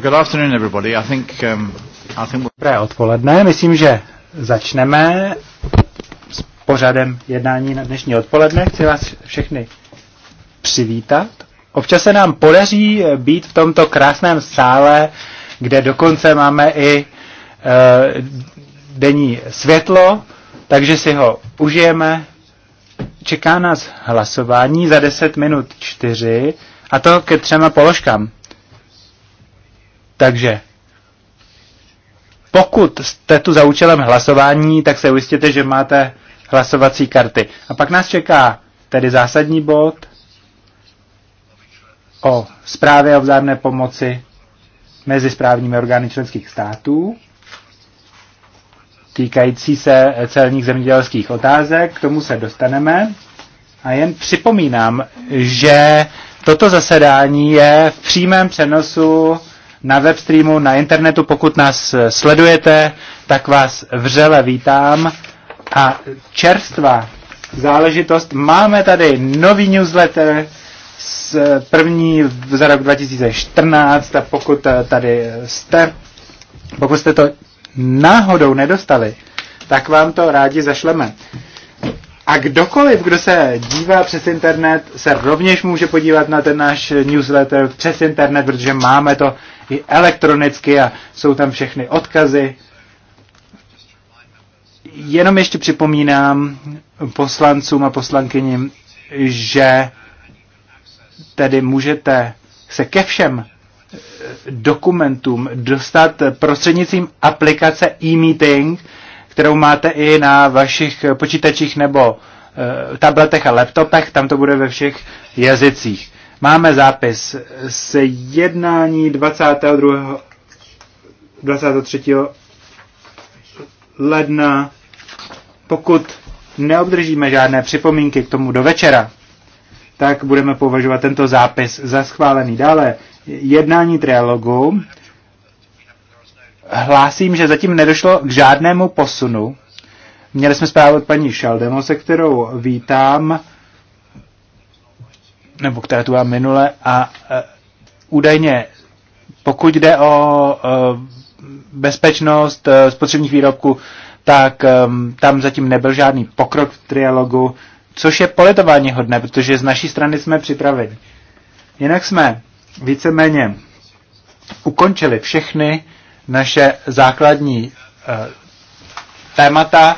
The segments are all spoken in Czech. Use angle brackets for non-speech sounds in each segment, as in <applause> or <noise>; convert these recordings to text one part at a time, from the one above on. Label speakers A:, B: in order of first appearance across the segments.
A: Well, good afternoon, everybody. I think, um, I think Dobré odpoledne. Myslím, že začneme s pořadem jednání na dnešní odpoledne. Chci vás všechny přivítat. Občas se nám podaří eh, být v tomto krásném sále, kde dokonce máme i uh, denní světlo, takže si ho užijeme. Čeká nás hlasování za 10 minut 4 a to ke třema položkám. Takže pokud jste tu za účelem hlasování, tak se ujistěte, že máte hlasovací karty. A pak nás čeká tedy zásadní bod o zprávě o vzájemné pomoci mezi správními orgány členských států týkající se celních zemědělských otázek. K tomu se dostaneme. A jen připomínám, že toto zasedání je v přímém přenosu na webstreamu, na internetu. Pokud nás eh, sledujete, tak vás vřele vítám. A čerstvá záležitost, máme tady nový newsletter, z eh, první za rok 2014 a pokud eh, tady jste, pokud jste to náhodou nedostali, tak vám to rádi zašleme. A kdokoliv, kdo se dívá přes internet, se rovněž může podívat na ten náš newsletter přes internet, protože máme to i elektronicky a jsou tam všechny odkazy. Jenom ještě připomínám poslancům a poslankyním, že tedy můžete se ke všem eh, dokumentům dostat prostřednictvím aplikace e-meeting, kterou máte i na vašich eh, počítačích nebo eh, tabletech a laptopech, tam to bude ve všech jazycích. Máme zápis z jednání 22. 23. ledna. Pokud neobdržíme žádné připomínky k tomu do večera, tak budeme považovat tento zápis za schválený. Dále jednání trialogu hlásím, že zatím nedošlo k žádnému posunu. Měli jsme zprávu od paní se kterou vítám, nebo která tu byla minule, a uh, údajně, pokud jde o uh, bezpečnost uh, spotřebních výrobků, tak um, tam zatím nebyl žádný pokrok v trialogu, což je politování hodné, protože z naší strany jsme připraveni. Jinak jsme víceméně ukončili všechny naše základní eh, témata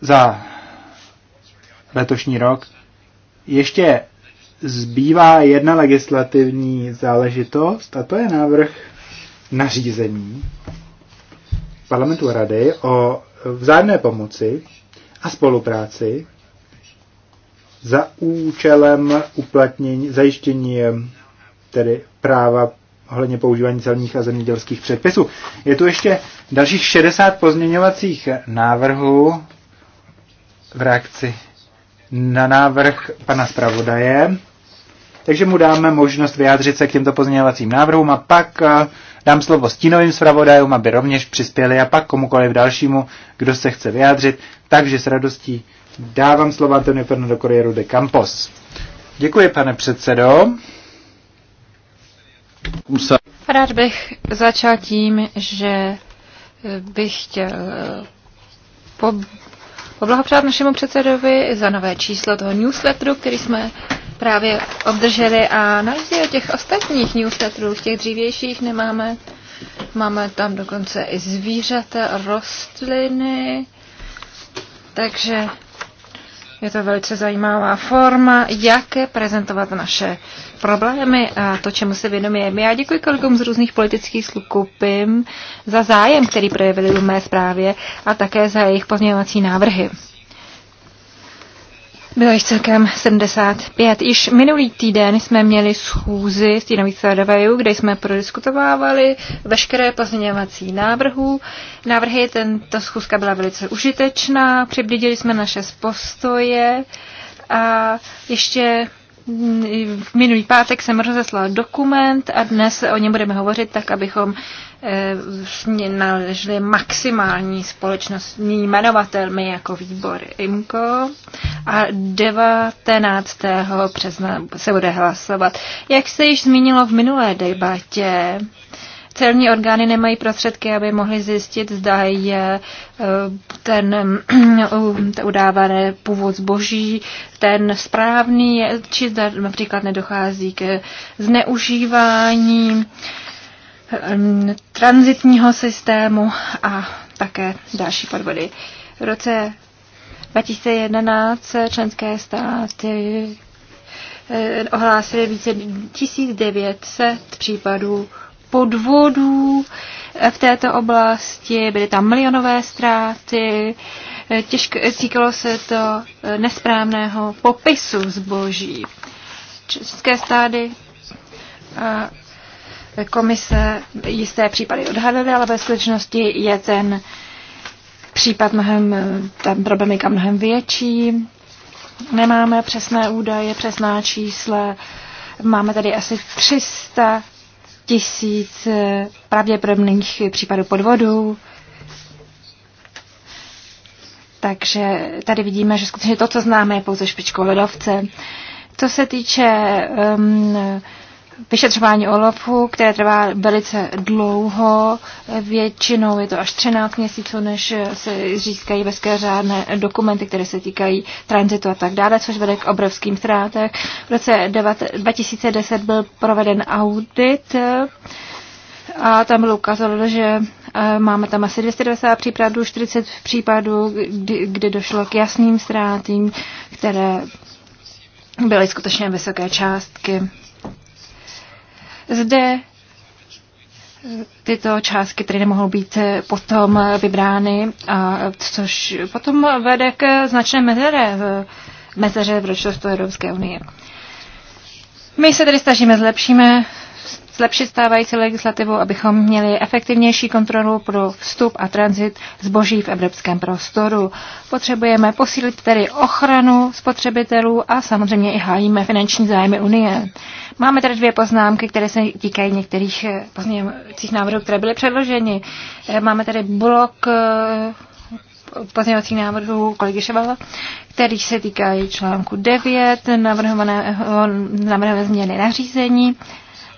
A: za letošní rok. Ještě zbývá jedna legislativní záležitost a to je návrh nařízení parlamentu a rady o vzájemné pomoci a spolupráci za účelem uplatnění, zajištění eh, tedy práva ohledně používání celních a zemědělských předpisů. Je tu ještě dalších 60 pozměňovacích návrhů v reakci na návrh pana zpravodaje. Takže mu dáme možnost vyjádřit se k těmto pozměňovacím návrhům a pak eh, dám slovo stínovým zpravodajům, aby rovněž přispěli a pak komukoliv dalšímu, kdo se chce vyjádřit. Takže s radostí dávám slovo Antonio Fernando Corriero de Campos. Děkuji, pane předsedo.
B: Rád bych začal tím, že bych chtěl po, poblahopřát našemu předsedovi za nové číslo toho newsletteru, který jsme právě obdrželi a na rozdíl těch ostatních newsletterů, těch dřívějších nemáme. Máme tam dokonce i zvířata, rostliny, takže je to velice zajímavá forma, jak prezentovat naše problémy a to, čemu se věnujeme. Já děkuji kolegům z různých politických skupin za zájem, který projevili v mé zprávě a také za jejich pozměňovací návrhy. Bylo jich celkem 75. Již minulý týden jsme měli schůzi s týnových sledovajů, kde jsme prodiskutovávali veškeré pozměňovací návrhů. Návrhy, tento schůzka byla velice užitečná, přiblížili jsme naše postoje a ještě v minulý pátek jsem rozeslal dokument a dnes o něm budeme hovořit tak, abychom e, eh, naležili maximální společnostní jmenovatel my jako výbor IMCO a 19. března se bude hlasovat. Jak se již zmínilo v minulé debatě, e, Celní orgány nemají prostředky, aby mohly zjistit, zda je eh, ten eh, udávaný původ zboží ten správný, či zda například nedochází k zneužívání eh, transitního systému a také další podvody. V roce 2011 členské státy ohlásily více 1900 případů podvodů v této oblasti, byly tam milionové ztráty, těžk, týkalo se to nesprávného popisu zboží. České stády a komise jisté případy odhadly, ale ve skutečnosti je ten případ mnohem, tam je mnohem větší. Nemáme přesné údaje, přesná čísla. Máme tady asi 300 tisíc eh, pravděpodobných případů podvodů. Takže tady vidíme, že skutečně to, co známe, je pouze špičkou ledovce. Co se týče um, vyšetřování OLAFu, které trvá velice dlouho, většinou je to až 13 měsíců, než se získají veškeré řádné dokumenty, které se týkají tranzitu a tak dále, což vede k obrovským ztrátách. V roce 2010 byl proveden audit a tam bylo ukázalo, že eh, máme tam asi 290 případů, 40 případů, kdy, kdy došlo k jasným ztrátím, které byly skutečně vysoké částky. Zde tyto částky které nemohou být eh, potom eh, vybrány, a což potom vede k značné mezeře v, mezeře v ročnosti Evropské unie. My se tedy snažíme zlepšíme zlepšit stávající legislativu, abychom měli efektivnější kontrolu pro vstup a tranzit zboží v evropském prostoru. Potřebujeme posílit tedy ochranu spotřebitelů a samozřejmě i hájíme finanční zájmy Unie. Máme tady dvě poznámky, které se týkají některých eh, pozměňovacích návrhů, které byly předloženy. Eh, máme tady blok eh, pozměňovacích návrhů kolegy Ševala, který se týkají článku 9, navrhované, navrhované změny nařízení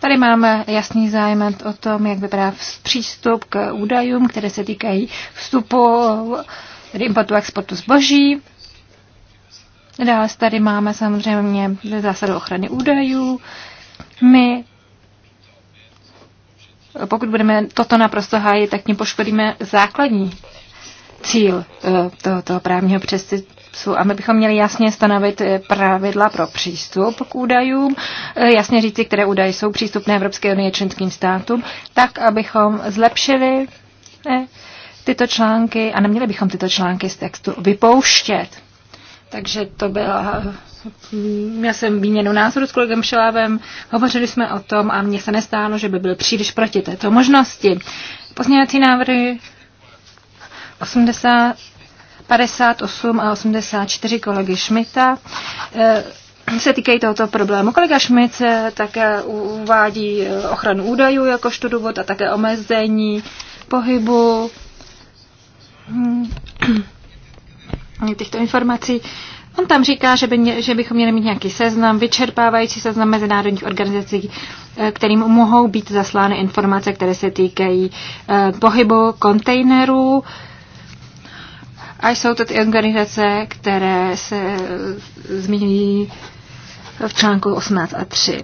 B: Tady máme jasný zájem o tom, jak vypadá přístup k údajům, které se týkají vstupu, tedy importu a exportu zboží. Dále tady máme samozřejmě zásadu ochrany údajů. My pokud budeme toto naprosto hájit, tak tím poškodíme základní cíl eh, tohoto právního EPSu a my bychom měli jasně stanovit eh, pravidla pro přístup k údajům, eh, jasně říci, které údaje jsou přístupné Evropské unie členským státům, tak, abychom zlepšili eh, tyto články a neměli bychom tyto články z textu vypouštět. Takže to byla já jsem výměnu názoru s kolegem Šelávem, hovořili jsme o tom a mně se nestálo, že by byl příliš proti této možnosti. Pozměňovací návrhy 80, 58 a 84 kolegy Šmita eh, se týkají tohoto problému. Kolega Šmit eh, také uvádí eh, ochranu údajů jakožto důvod a také omezení pohybu hm, <clears throat> těchto informací. On tam říká, že, by, že bychom měli mít nějaký seznam, vyčerpávající seznam mezinárodních organizací, kterým mohou být zaslány informace, které se týkají pohybu kontejnerů, a jsou to ty organizace, které se eh, zmiňují v článku 18 a 3.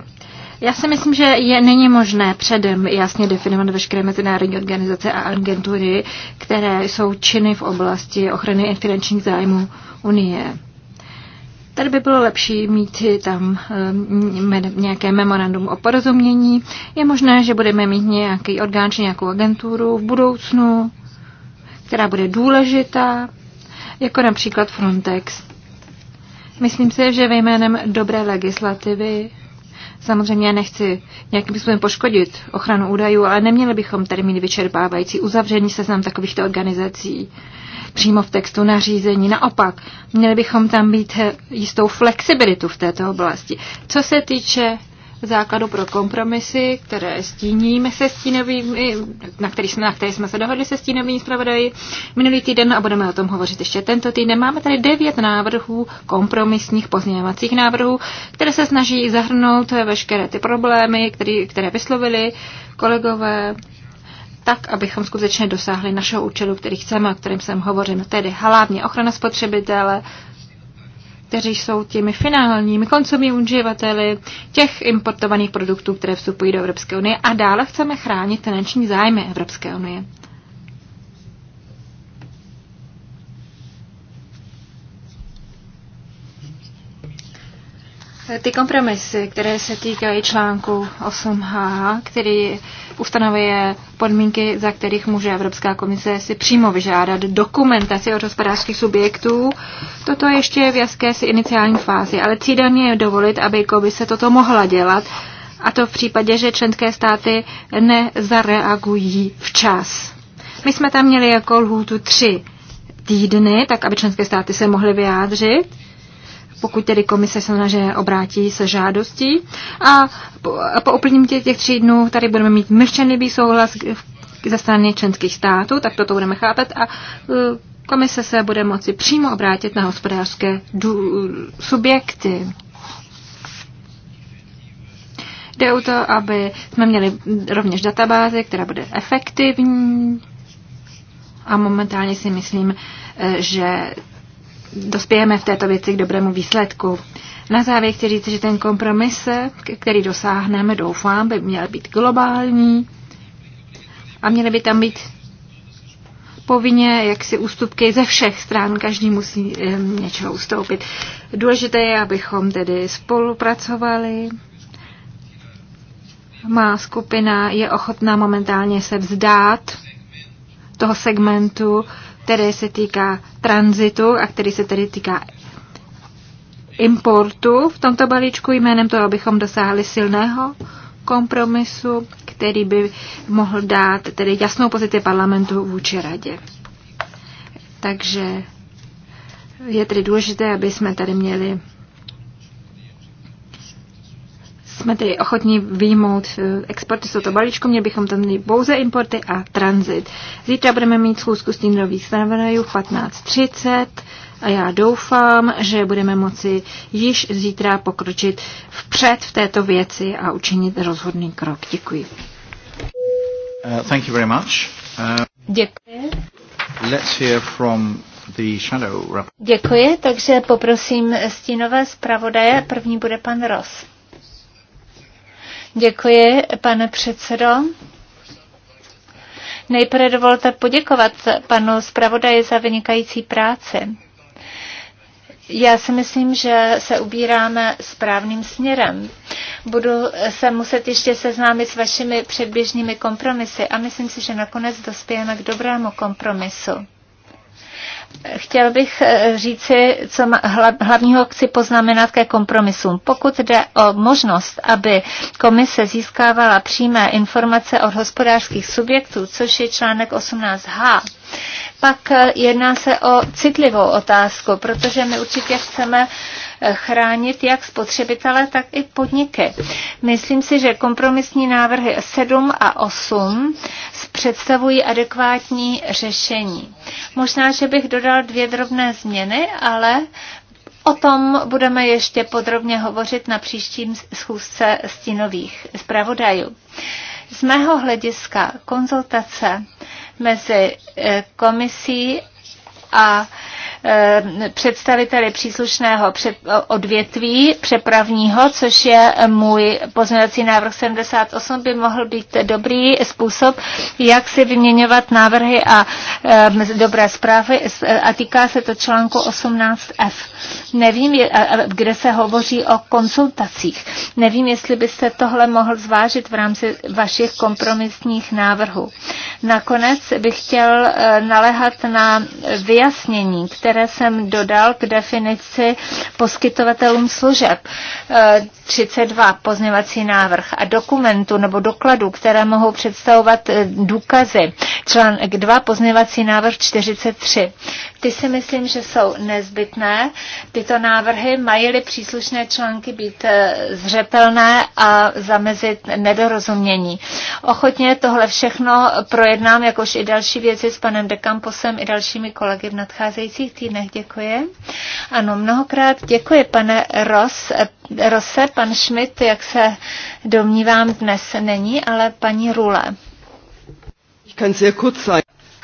B: Já si myslím, že je není možné předem jasně definovat veškeré mezinárodní organizace a agentury, které jsou činy v oblasti ochrany finančních zájmů Unie. Tady by bylo lepší mít tam eh, nějaké memorandum o porozumění. Je možné, že budeme mít nějaký orgán či nějakou agenturu v budoucnu, která bude důležitá jako například Frontex. Myslím si, že ve jménem dobré legislativy Samozřejmě nechci nějakým způsobem poškodit ochranu údajů, ale neměli bychom tady mít vyčerpávající uzavřený seznam takovýchto organizací přímo v textu nařízení. Naopak, měli bychom tam být jistou flexibilitu v této oblasti. Co se týče základu pro kompromisy, které stíníme se stínovými, na, který jsme, na které jsme se dohodli se stínovými zpravodaji minulý týden a budeme o tom hovořit ještě tento týden. Máme tady devět návrhů kompromisních pozměňovacích návrhů, které se snaží zahrnout veškeré ty problémy, který, které vyslovili kolegové tak, abychom skutečně dosáhli našeho účelu, který chceme, o kterém jsem hovořil, tedy hlavně ochrana spotřebitele, kteří jsou těmi finálními koncovými uživateli těch importovaných produktů, které vstupují do Evropské unie a dále chceme chránit finanční zájmy Evropské unie. Ty kompromisy, které se týkají článku 8h, který ustanovuje podmínky, za kterých může Evropská komise si přímo vyžádat dokumentaci od hospodářských subjektů, toto ještě je v si iniciální fázi, ale cílem je dovolit, aby komise toto mohla dělat, a to v případě, že členské státy nezareagují včas. My jsme tam měli jako lhůtu tři týdny, tak aby členské státy se mohly vyjádřit pokud tedy komise že obrátí se žádostí. A po, po uplynutí těch tří dnů tady budeme mít mlčený souhlas ze strany členských států, tak toto budeme chápat a e, komise se bude moci přímo obrátit na hospodářské subjekty. Jde o to, aby jsme měli rovněž databázi, která bude efektivní a momentálně si myslím, e, že dospějeme v této věci k dobrému výsledku. Na závěr chci říct, že ten kompromis, který dosáhneme, doufám, by měl být globální a měly by tam být povinně jaksi ústupky ze všech stran, každý musí něčeho ustoupit. Důležité je, abychom tedy spolupracovali. Má skupina je ochotná momentálně se vzdát toho segmentu, který se týká tranzitu a který se tedy týká importu v tomto balíčku jménem toho, abychom dosáhli silného kompromisu, který by mohl dát tedy jasnou pozici parlamentu vůči radě. Takže je tedy důležité, aby jsme tady měli jsme tedy ochotní výjmout eh, exporty z toho balíčku, měli bychom tam mít pouze importy a tranzit. Zítra budeme mít schůzku nových zpravodajů 15.30 a já doufám, že budeme moci již zítra pokročit vpřed v této věci a učinit rozhodný krok. Děkuji.
A: Uh, thank you very much. Uh, Děkuji. Let's hear from the shadow
C: Děkuji, takže poprosím stínové zpravodaje. První bude pan Ross. Děkuji, pane předsedo. Nejprve dovolte poděkovat panu zpravodaji za vynikající práci. Já si myslím, že se ubíráme správným směrem. Budu se muset ještě seznámit s vašimi předběžnými kompromisy a myslím si, že nakonec dospějeme k dobrému kompromisu. Chtěl bych eh, říci, co hlavního chci poznamenat ke kompromisům. Pokud jde o možnost, aby komise získávala přímé informace od hospodářských subjektů, což je článek 18h, pak eh, jedná se o citlivou otázku, protože my určitě chceme chránit jak spotřebitele, tak i podniky. Myslím si, že kompromisní návrhy 7 a 8 představují adekvátní řešení. Možná, že bych dodal dvě drobné změny, ale O tom budeme ještě podrobně hovořit na příštím schůzce stínových zpravodajů. Z mého hlediska konzultace mezi eh, komisí a Eh, představiteli příslušného odvětví přepravního, což je můj pozměňovací návrh 78, by mohl být dobrý způsob, jak si vyměňovat návrhy a eh, dobré zprávy eh, a týká se to článku 18f. Nevím, kde se hovoří o konsultacích. Nevím, jestli byste tohle mohl zvážit v rámci vašich kompromisních návrhů. Nakonec bych chtěl naléhat na vyjasnění, které které jsem dodal k definici poskytovatelům služeb. 32 e, pozněvací návrh a dokumentu nebo dokladu, které mohou představovat e, důkazy. Článek 2 pozněvací návrh 43. Ty si myslím, že jsou nezbytné. Tyto návrhy mají-li příslušné články být e, zřetelné a zamezit nedorozumění. Ochotně tohle všechno projednám, jakož i další věci s panem Dekamposem i dalšími kolegy v nadcházejících týdnech. Děkuji. Ano, mnohokrát děkuji, pane Ros. Rose, pan Schmidt, jak se domnívám, dnes není, ale paní Rule.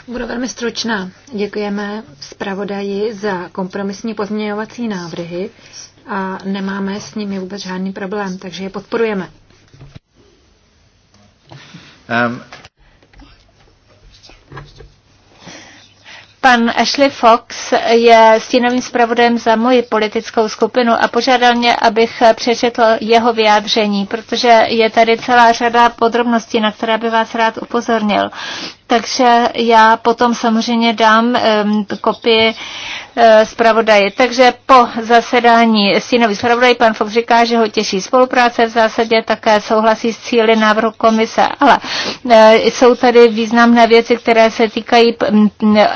D: Budu velmi
B: stručná. Děkujeme zpravodaji za kompromisní pozměňovací návrhy a nemáme s nimi vůbec žádný problém, takže je podporujeme.
A: Um,
C: Pan Ashley Fox je stínovým zpravodajem za moji politickou skupinu a požádal mě, abych přečetl jeho vyjádření, protože je tady celá řada podrobností, na které by vás rád upozornil takže já potom samozřejmě dám um, kopii e, zpravodaje. Takže po zasedání stínový zpravodaj pan Fox říká, že ho těší spolupráce v zásadě, také souhlasí s cíly návrhu komise, ale e, jsou tady významné věci, které se týkají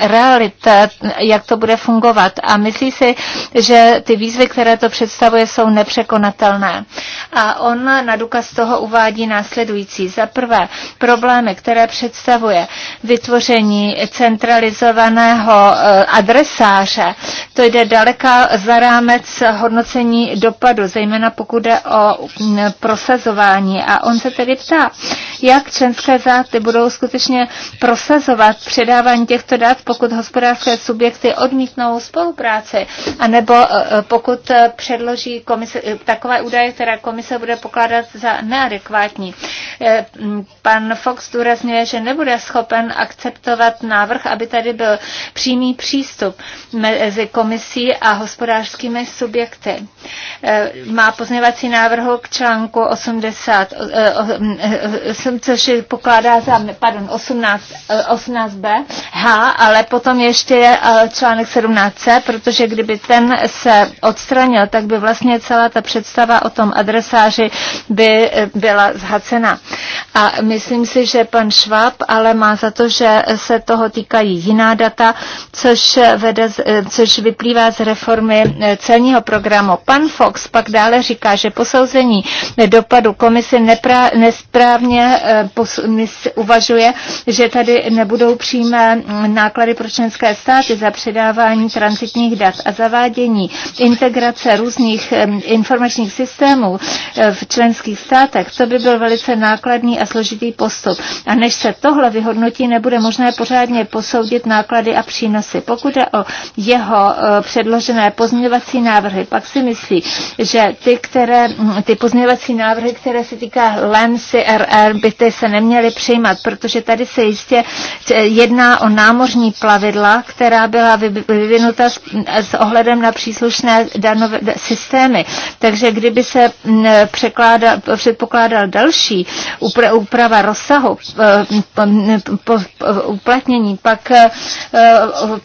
C: realit, e, jak to bude fungovat a myslí si, že ty výzvy, které to představuje, jsou nepřekonatelné. A on na důkaz toho uvádí následující. Za prvé, problémy, které představuje vytvoření centralizovaného eh, adresáře, to jde daleka za rámec hodnocení dopadu, zejména pokud jde o mm, prosazování. A on se tedy ptá, jak členské záty budou skutečně prosazovat předávání těchto dat, pokud hospodářské subjekty odmítnou spolupráci, anebo eh, eh, pokud předloží komise, takové údaje, které komise bude pokládat za neadekvátní. Mm, pan Fox důrazňuje, že nebude schopen schopen akceptovat návrh, aby tady byl přímý přístup mezi komisí a hospodářskými subjekty. Eh, má pozměvací návrh k článku 80, eh, eh, což pokládá za, pardon, 18, 18b, H, ale potom ještě je článek 17c, protože kdyby ten se odstranil, tak by vlastně celá ta představa o tom adresáři by byla zhacena. A myslím si, že pan Schwab ale má za to, že se toho týkají jiná data, což, vede, eh, což vyplývá z reformy eh, celního programu. Pan Fox pak dále říká, že posouzení dopadu komise nesprávně eh, pos, uvažuje, že tady nebudou přímé mm, náklady pro členské státy za předávání transitních dat a zavádění integrace různých informačních systémů v členských státech. To by byl velice nákladný a složitý postup. A než se tohle vyhodnotí, rozhodnutí nebude možné pořádně posoudit náklady a přínosy. Pokud je o jeho e, předložené pozměňovací návrhy, pak si myslí, že ty, které, mm, ty pozměňovací návrhy, které se týká LEN, CRR, by ty se neměly přijímat, protože tady se jistě e, jedná o námořní plavidla, která byla vyvinuta s ohledem na příslušné danové systémy. Takže kdyby se mm, předpokládal další úprava rozsahu e, uplatnění, pak, eh, eh,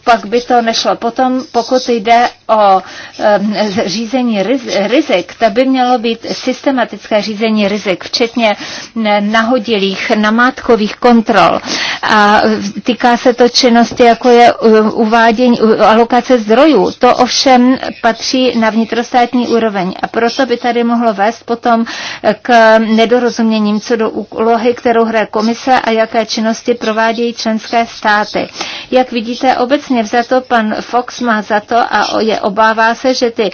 C: pak by to nešlo. Potom, pokud jde o eh, řízení rizik, to by mělo být systematické řízení rizik, včetně nahodilých, namátkových kontrol. A týká se to činnosti, jako je uvádění, alokace zdrojů. To ovšem patří na vnitrostátní úroveň a proto by tady mohlo vést potom k nedorozuměním co do úlohy, kterou hraje komise a jaké činnosti provádějí členské státy. Jak vidíte, obecně vzato pan Fox má za to a je obává se, že ty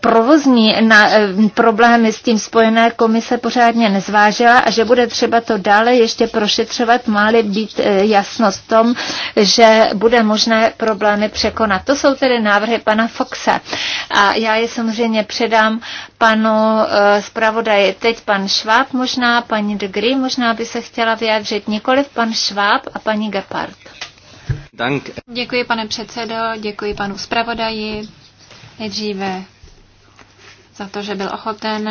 C: provozní na, eh, problémy s tím spojené komise pořádně nezvážila a že bude třeba to dále ještě prošetřovat, má být eh, jasnost v tom, že bude možné problémy překonat. To jsou tedy návrhy pana Foxe. A já je samozřejmě předám panu eh, zpravodaji. Teď pan Šváb možná, paní de možná by se chtěla vyjádřit. Nikoliv pan Šváb, Schwab a paní Gepard. Dank. Děkuji, pane předsedo, děkuji panu zpravodaji. Nejdříve
B: za to, že byl ochoten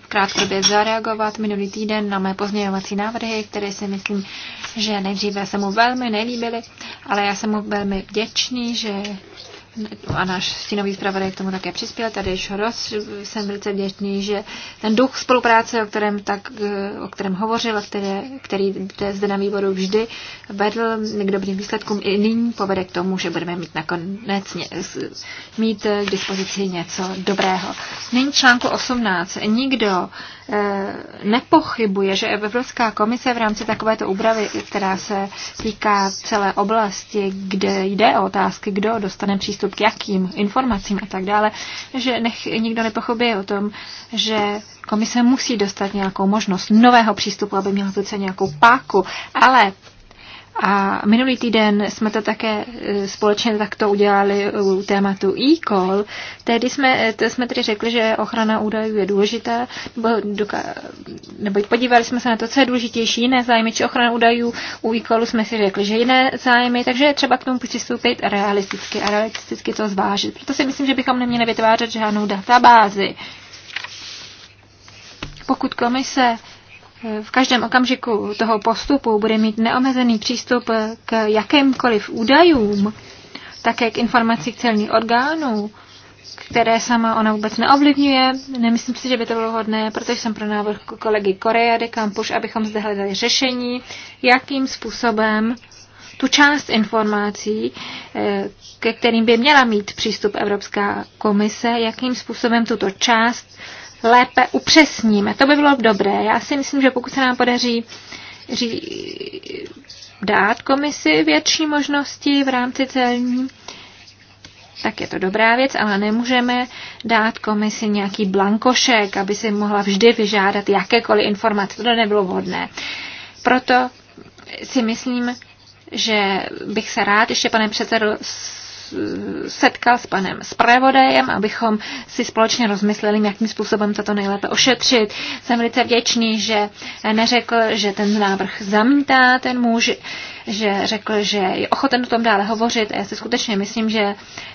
B: v krátkodobě zareagovat minulý týden na mé pozměňovací návrhy, které si myslím, že nejdříve se mu velmi nelíbily, ale já jsem mu velmi vděčný, že No a náš stínový zpravodaj k tomu také přispěl. Tady již roz, jsem velice vděčný, že ten duch spolupráce, o kterém, tak, o kterém hovořil který, který který zde na výboru vždy vedl k dobrým výsledkům, i nyní povede k tomu, že budeme mít nakonec ně, mít k dispozici něco dobrého. Nyní článku 18. Nikdo Eh, nepochybuje, že Evropská komise v rámci takovéto úpravy, která se týká celé oblasti, kde jde o otázky, kdo dostane přístup k jakým informacím a tak dále, že nech, nikdo nepochybuje o tom, že komise musí dostat nějakou možnost nového přístupu, aby měla tu nějakou páku, ale a minulý týden jsme to také e, společně takto udělali u tématu e-call. Tehdy jsme, e, to jsme tedy řekli, že ochrana údajů je důležitá, nebo, doka- nebo podívali jsme se na to, co je důležitější, jiné zájmy či ochrana údajů. U e-callu jsme si řekli, že jiné zájmy, takže je třeba k tomu přistoupit realisticky a realisticky to zvážit. Proto si myslím, že bychom neměli vytvářet žádnou databázi. Pokud komise v každém okamžiku toho postupu bude mít neomezený přístup k jakýmkoliv údajům, také k informací celních orgánů, které sama ona vůbec neovlivňuje. Nemyslím si, že by to bylo hodné, protože jsem pro návrh kolegy Korea de Campus, abychom zde hledali řešení, jakým způsobem tu část informací, eh, ke kterým by měla mít přístup Evropská komise, jakým způsobem tuto část lépe upřesníme. To by bylo dobré. Já si myslím, že pokud se nám podaří ří, dát komisi větší možnosti v rámci celní, tak je to dobrá věc, ale nemůžeme dát komisi nějaký blankošek, aby si mohla vždy vyžádat jakékoliv informace. To nebylo vhodné. Proto si myslím, že bych se rád ještě, pane předsedo, setkal s panem zpravodajem, abychom si společně rozmysleli, jakým způsobem toto nejlépe ošetřit. Jsem velice vděčný, že neřekl, že ten návrh zamítá ten muž, že řekl, že je ochoten o tom dále hovořit a já si skutečně myslím, že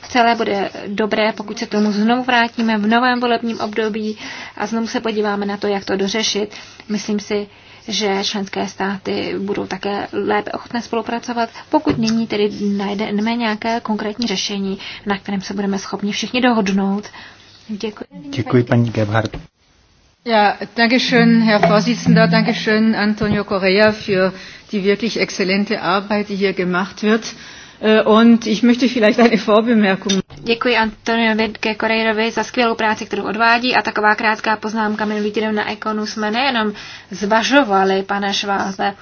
B: celé bude dobré, pokud se tomu znovu vrátíme v novém volebním období a znovu se podíváme na to, jak to dořešit. Myslím si, že členské státy budou také lépe ochotné spolupracovat, pokud nyní tedy najdeme nějaké konkrétní řešení, na kterém se budeme schopni všichni dohodnout. Děkuji. Děkuji,
A: paní Gebhardt.
B: Ja, danke schön, Herr Vorsitzender, danke schön, Antonio Correa, für die wirklich exzellente Arbeit, die hier gemacht wird. Eh, und ich möchte vielleicht eine Vorbemerkung. Děkuji Antonio Vidke Korejrovi za skvělou práci, kterou odvádí. A taková krátká poznámka minulý týden na Ekonu jsme nejenom zvažovali, pane Šváze,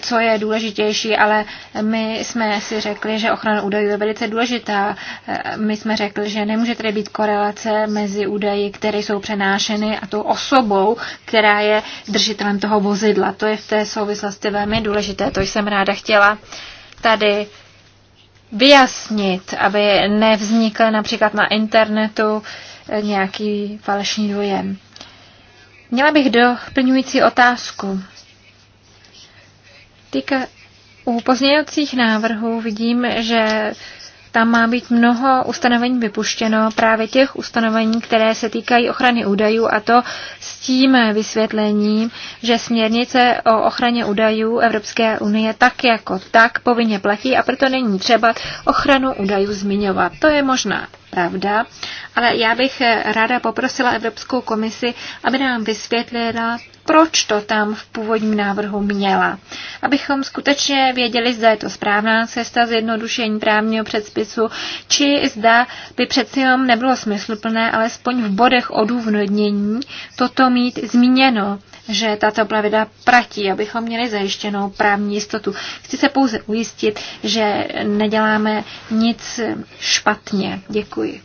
B: co je důležitější, ale my jsme si řekli, že ochrana údajů je velice důležitá. Eh, my jsme řekli, že nemůže tady být korelace mezi údaji, které jsou přenášeny a tou osobou, která je držitelem toho vozidla. To je v té souvislosti velmi důležité. To jsem ráda chtěla tady vyjasnit, aby nevznikl například na internetu nějaký falešný dojem. Měla bych doplňující otázku. Týka u pozměňovacích návrhů vidím, že tam má být mnoho ustanovení vypuštěno, právě těch ustanovení, které se týkají ochrany údajů a to s tím vysvětlením, že směrnice o ochraně údajů Evropské unie tak jako tak povinně platí a proto není třeba ochranu údajů zmiňovat. To je možná pravda, ale já bych eh, ráda poprosila Evropskou komisi, aby nám vysvětlila, proč to tam v původním návrhu měla. Abychom skutečně věděli, zda je to správná cesta zjednodušení právního předpisu, či zda by přeci jenom nebylo smysluplné, alespoň v bodech odůvodnění, toto mít zmíněno že tato pravidla platí, abychom měli zajištěnou právní jistotu. Chci se pouze ujistit, že neděláme nic špatně. Děkuji.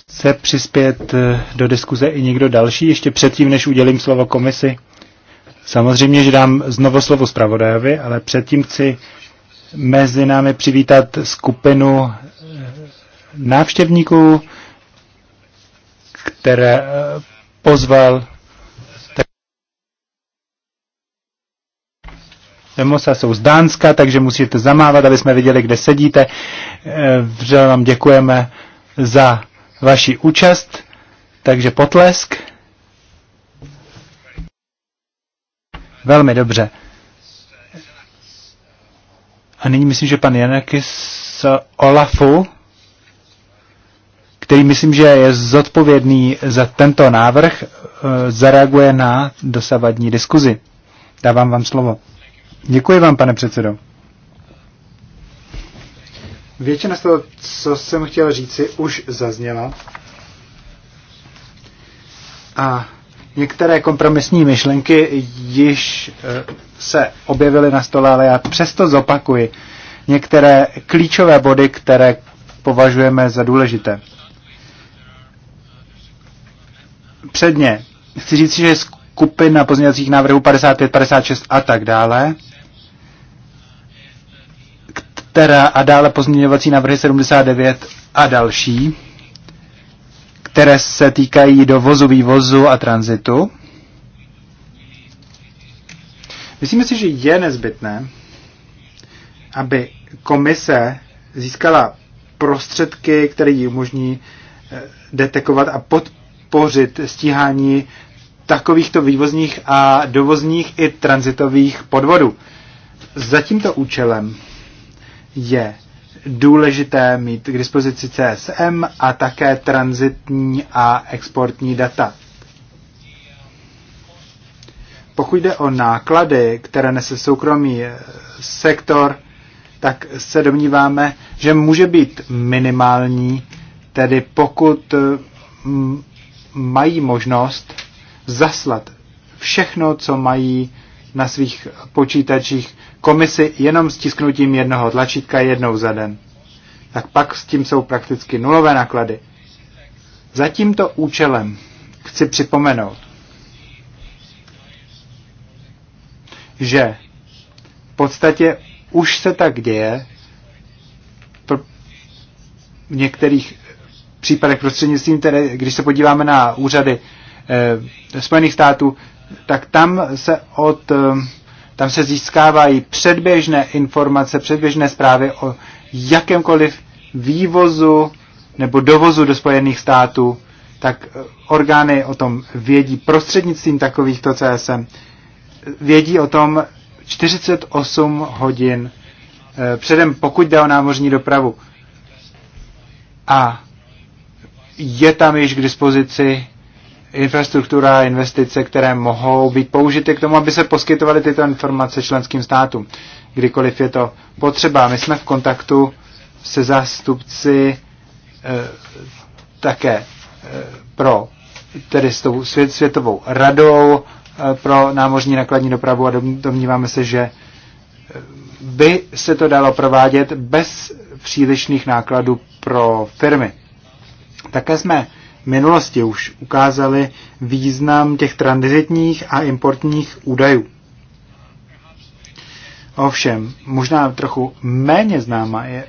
A: Chce přispět eh, do diskuze i někdo další, ještě předtím, než udělím slovo komisi? Samozřejmě, že dám znovu slovo zpravodajovi, ale předtím chci mezi námi přivítat skupinu eh, návštěvníků, které eh, pozval Demosa jsou z Dánska, takže musíte zamávat, aby jsme viděli, kde sedíte. Eh, vřele vám děkujeme za vaši účast, takže potlesk. Velmi dobře. A nyní myslím, že pan Janakis Olafu, který myslím, že je zodpovědný za tento návrh, eh, zareaguje na dosavadní diskuzi. Dávám vám slovo. Děkuji vám, pane předsedo. Většina z toho, co jsem chtěl říci, už zazněla. A některé kompromisní myšlenky již eh, se objevily na stole, ale já přesto zopakuji některé klíčové body, které považujeme za důležité. Předně chci říct, že skupina pozměňovacích návrhů 55, 56 a tak dále která a dále pozměňovací návrhy 79 a další, které se týkají dovozu, vývozu a tranzitu. Myslíme si, že je nezbytné, aby komise získala prostředky, které ji umožní eh, detekovat a podpořit stíhání takovýchto vývozních a dovozních i transitových podvodů. Za tímto účelem je důležité mít k dispozici CSM a také transitní a exportní data. Pokud jde o náklady, které nese soukromý eh, sektor, tak se domníváme, že může být minimální, tedy pokud eh, mají možnost zaslat všechno, co mají na svých počítačích komisi jenom stisknutím jednoho tlačítka jednou za den. Tak pak s tím jsou prakticky nulové náklady. Za tímto účelem chci připomenout, že v podstatě už se tak děje v některých případech prostřednictvím, tedy, když se podíváme na úřady eh, Spojených států, tak tam se od eh, tam se získávají předběžné informace, předběžné zprávy o jakémkoliv vývozu nebo dovozu do Spojených států, tak eh, orgány o tom vědí prostřednictvím takovýchto CSM. Vědí o tom 48 hodin eh, předem, pokud jde o námořní dopravu. A je tam již k dispozici infrastruktura a investice, které mohou být použity k tomu, aby se poskytovaly tyto informace členským státům, kdykoliv je to potřeba. My jsme v kontaktu se zástupci e, také e, pro tedy s tou svět, světovou radou e, pro námořní nakladní dopravu a domníváme se, že by se to dalo provádět bez přílišných nákladů pro firmy. Také jsme minulosti už ukázaly význam těch transitních a importních údajů. Ovšem, možná trochu méně známa je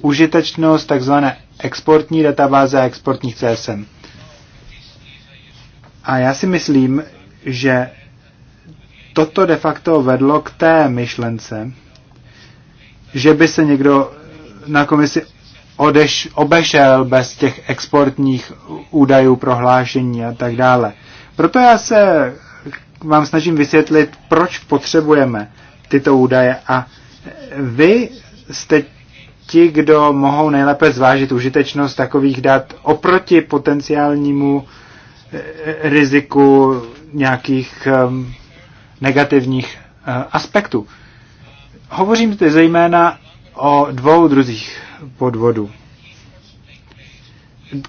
A: užitečnost tzv. exportní databáze a exportních CSM. A já si myslím, že toto de facto vedlo k té myšlence, že by se někdo na komisi odeš, obešel bez těch exportních údajů, prohlášení a tak dále. Proto já se vám snažím vysvětlit, proč potřebujeme tyto údaje a vy jste ti, kdo mohou nejlépe zvážit užitečnost takových dat oproti potenciálnímu eh, riziku nějakých ehm, negativních eh, aspektů. Hovořím zde zejména o dvou druzích Podvodu.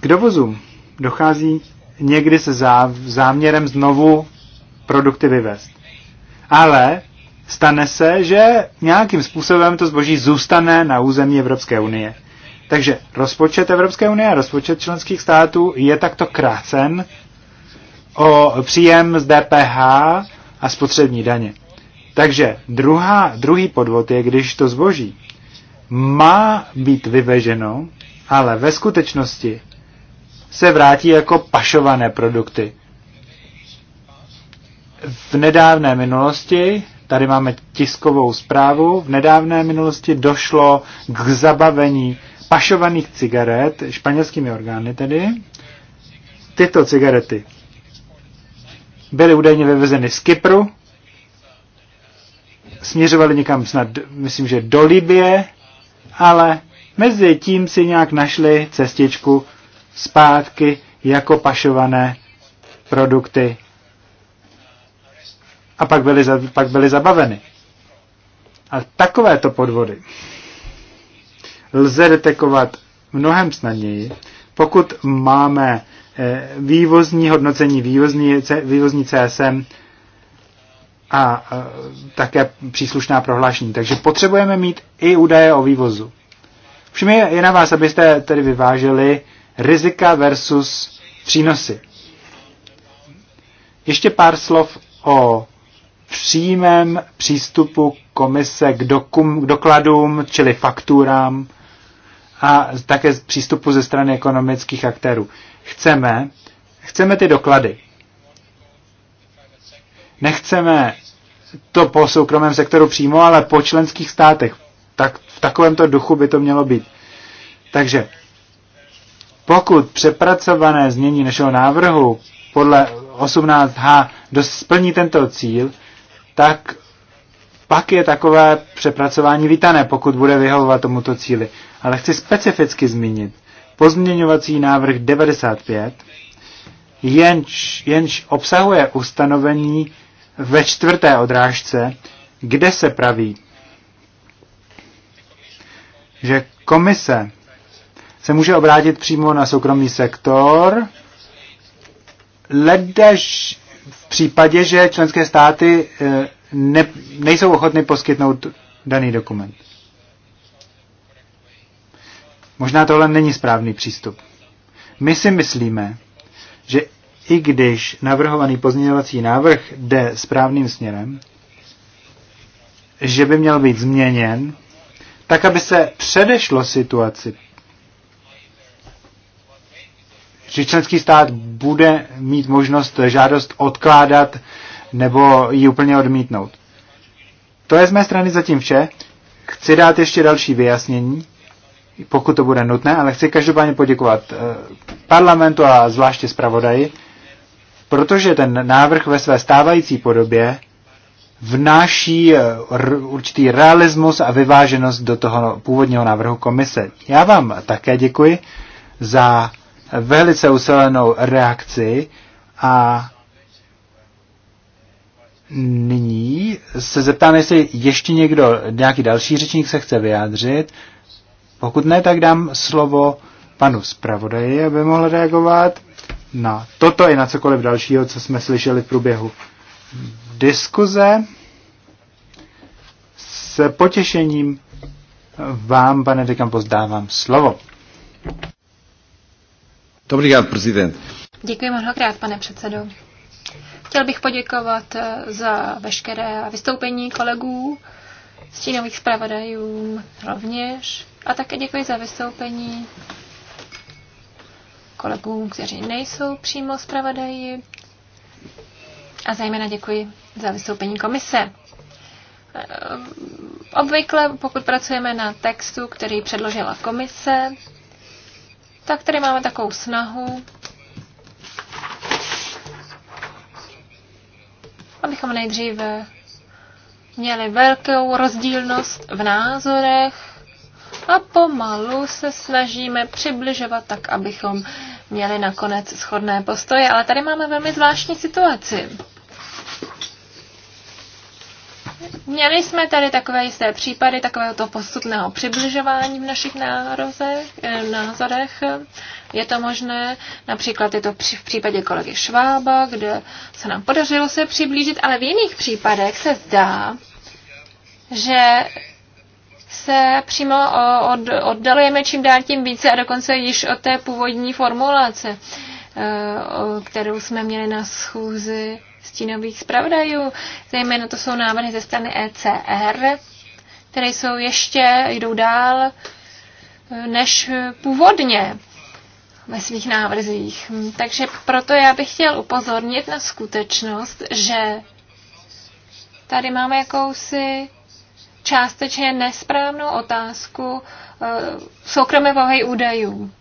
A: K dovozům dochází někdy se zá, záměrem znovu produkty vyvést. Ale stane se, že nějakým způsobem to zboží zůstane na území Evropské unie. Takže rozpočet Evropské unie a rozpočet členských států je takto krácen o příjem z DPH a spotřební daně. Takže druhá, druhý podvod je, když to zboží má být vyveženo, ale ve skutečnosti se vrátí jako pašované produkty. V nedávné minulosti, tady máme tiskovou zprávu, v nedávné minulosti došlo k zabavení pašovaných cigaret španělskými orgány tedy. Tyto cigarety byly údajně vyvezeny z Kypru, směřovaly někam snad, myslím, že do Libie, ale mezi tím si nějak našli cestičku zpátky jako pašované produkty a pak byly, pak byly zabaveny. A takovéto podvody lze detekovat mnohem snadněji, pokud máme eh, vývozní hodnocení, vývozní, vývozní CSM a také příslušná prohlášení. Takže potřebujeme mít i údaje o vývozu. Všem je, na vás, abyste tedy vyváželi rizika versus přínosy. Ještě pár slov o přímém přístupu komise k, dokum, k dokladům, čili fakturám a také přístupu ze strany ekonomických aktérů. Chceme, chceme ty doklady. Nechceme to po soukromém sektoru přímo, ale po členských státech. Tak v takovémto duchu by to mělo být. Takže pokud přepracované změní našeho návrhu podle 18H splní tento cíl, tak pak je takové přepracování vítané, pokud bude vyhovovat tomuto cíli. Ale chci specificky zmínit pozměňovací návrh 95, jenž, jenž obsahuje ustanovení ve čtvrté odrážce, kde se praví, že komise se může obrátit přímo na soukromý sektor, ledaž v případě, že členské státy eh, ne, nejsou ochotny poskytnout daný dokument. Možná tohle není správný přístup. My si myslíme, že i když navrhovaný pozměňovací návrh jde správným směrem, že by měl být změněn, tak aby se předešlo situaci, že členský stát bude mít možnost žádost odkládat nebo ji úplně odmítnout. To je z mé strany zatím vše. Chci dát ještě další vyjasnění, pokud to bude nutné, ale chci každopádně poděkovat eh, parlamentu a zvláště zpravodaji protože ten návrh ve své stávající podobě vnáší eh, určitý realismus a vyváženost do toho původního návrhu komise. Já vám také děkuji za velice usilenou reakci a nyní se zeptám, jestli ještě někdo, nějaký další řečník se chce vyjádřit. Pokud ne, tak dám slovo panu zpravodaji, aby mohl reagovat na toto i na cokoliv dalšího, co jsme slyšeli v průběhu diskuze. S potěšením vám, pane Dekampos, dávám slovo. Dobrý den, prezident.
B: Děkuji mnohokrát, pane předsedo. Chtěl bych poděkovat eh, za veškeré vystoupení kolegů, stínových zpravodajům rovněž a také děkuji za vystoupení kolegům, kteří nejsou přímo zpravodaji. A zejména děkuji za vystoupení komise. Obvykle, pokud pracujeme na textu, který předložila komise, tak tady máme takovou snahu, abychom nejdříve měli velkou rozdílnost v názorech a pomalu se snažíme přibližovat tak, abychom měli nakonec shodné postoje. Ale tady máme velmi zvláštní situaci. Měli jsme tady takové jisté případy takového toho postupného přibližování v našich nározech, eh, názorech. Je to možné, například je to v případě kolegy Švába, kde se nám podařilo se přiblížit, ale v jiných případech se zdá, že se přímo od, oddalujeme čím dál tím více a dokonce již od té původní formulace, e, kterou jsme měli na schůzi stínových zpravodajů. Zejména to jsou návrhy ze strany ECR, které jsou ještě, jdou dál e, než původně ve svých návrzích. Takže proto já bych chtěl upozornit na skutečnost, že tady máme jakousi částečně nesprávnou otázku eh, soukromé povahy údajů.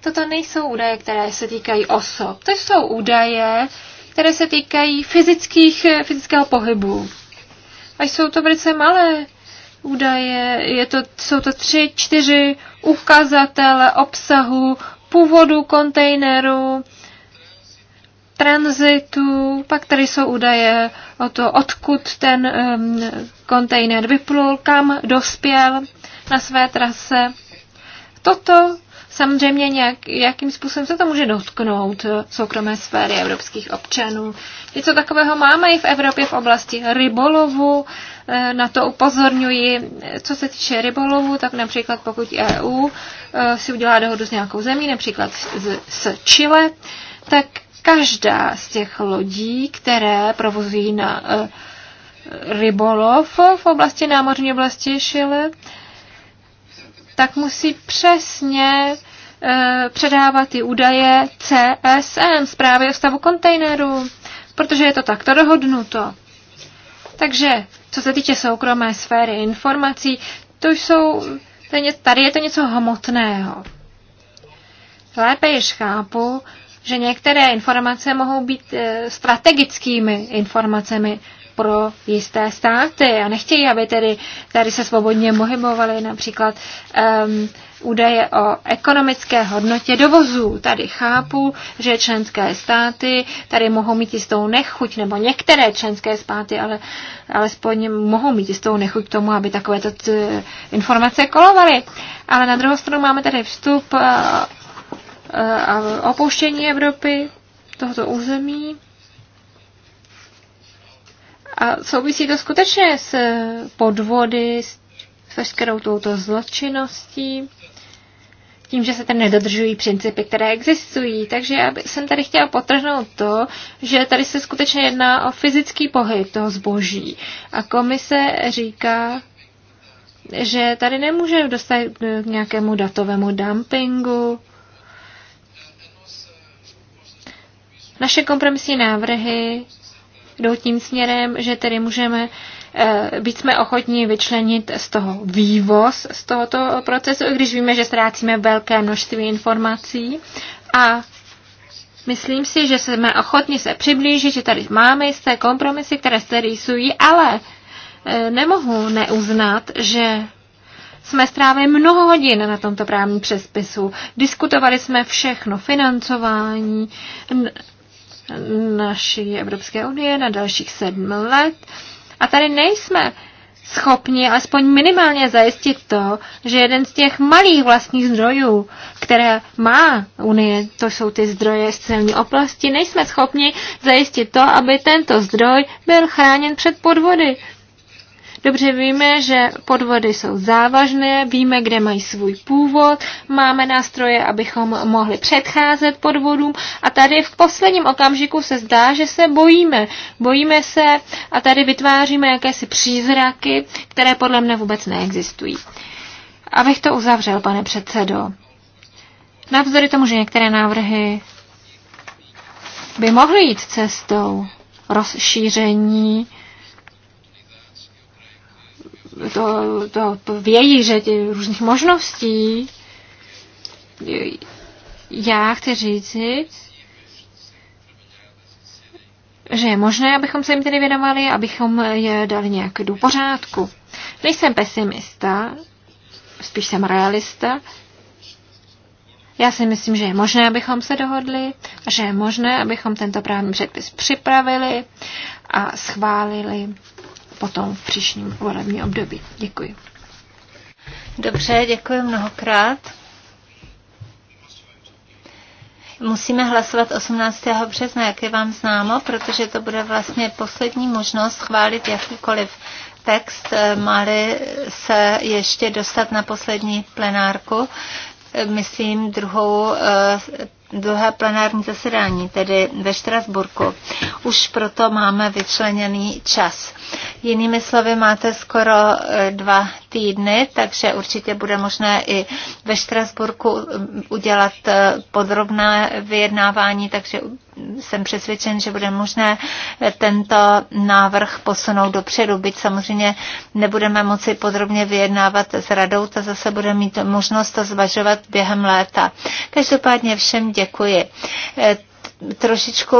B: Toto nejsou údaje, které se týkají osob. To jsou údaje, které se týkají fyzických, fyzického pohybu. A jsou to velice malé údaje, je to, jsou to tři, čtyři ukazatele obsahu, původu kontejneru, tranzitu, pak tady jsou údaje o to, odkud ten um, kontejner vyplul, kam dospěl na své trase. Toto samozřejmě nějak, jakým způsobem se to může dotknout soukromé sféry evropských občanů. Něco takového máme i v Evropě v oblasti rybolovu, eh, na to upozorňuji. Co se týče rybolovu, tak například pokud EU eh, si udělá dohodu s nějakou zemí, například s Chile, tak Každá z těch lodí, které provozují na eh, rybolov v oblasti námořní oblasti Šile, tak musí přesně eh, předávat ty údaje CSM, zprávy o stavu kontejnerů, protože je to takto dohodnuto. Takže, co se týče soukromé sféry informací, to jsou, tady je to něco hmotného. Lépe již chápu, že některé informace mohou být eh, strategickými informacemi pro jisté státy a nechtějí, aby tedy tady se svobodně mohybovaly například um, údaje o ekonomické hodnotě dovozů. Tady chápu, že členské státy tady mohou mít jistou nechuť, nebo některé členské státy, ale alespoň mohou mít jistou nechuť k tomu, aby takovéto eh, informace kolovaly. Ale na druhou stranu máme tady vstup eh, a opouštění Evropy, tohoto území. A souvisí to skutečně s podvody, s veškerou touto zločinností, tím, že se tam nedodržují principy, které existují. Takže já jsem tady chtěla potrhnout to, že tady se skutečně jedná o fyzický pohyb toho zboží. A komise říká, že tady nemůže dostat k nějakému datovému dumpingu, Naše kompromisní návrhy jdou tím směrem, že tedy můžeme eh, být jsme ochotní vyčlenit z toho vývoz z tohoto procesu, i když víme, že ztrácíme velké množství informací. A myslím si, že jsme ochotni se přiblížit, že tady máme jisté kompromisy, které se rýsují, ale eh, nemohu neuznat, že jsme strávili mnoho hodin na tomto právním přespisu. Diskutovali jsme všechno, financování, naší Evropské unie na dalších sedm let. A tady nejsme schopni alespoň minimálně zajistit to, že jeden z těch malých vlastních zdrojů, které má Unie, to jsou ty zdroje z celní oblasti, nejsme schopni zajistit to, aby tento zdroj byl chráněn před podvody. Dobře víme, že podvody jsou závažné, víme, kde mají svůj původ, máme nástroje, abychom mohli předcházet podvodům a tady v posledním okamžiku se zdá, že se bojíme. Bojíme se a tady vytváříme jakési přízraky, které podle mne vůbec neexistují. Abych to uzavřel, pane předsedo. Navzory tomu, že některé návrhy by mohly jít cestou rozšíření to, to vějí, že těch různých možností. Já chci říci, že je možné, abychom se jim tedy věnovali, abychom je dali nějak do pořádku. Nejsem pesimista, spíš jsem realista. Já si myslím, že je možné, abychom se dohodli, že je možné, abychom tento právní předpis připravili a schválili potom
C: v příštím volebním období. Děkuji. Dobře, děkuji mnohokrát. Musíme hlasovat 18. března, jak je vám známo, protože to bude vlastně poslední možnost schválit jakýkoliv text, eh, máli se ještě dostat na poslední plenárku, eh, myslím druhou eh, dlouhé plenární zasedání, tedy ve Štrasburku. Už proto máme vyčleněný čas. Jinými slovy máte skoro eh, dva týdny, takže určitě bude možné i ve Štrasburku um, udělat uh, podrobné vyjednávání, takže jsem přesvědčen, že bude možné eh, tento návrh posunout dopředu, byť samozřejmě nebudeme moci podrobně vyjednávat s radou, ta zase bude mít možnost to zvažovat během léta. Každopádně všem děkuji. Eh, trošičku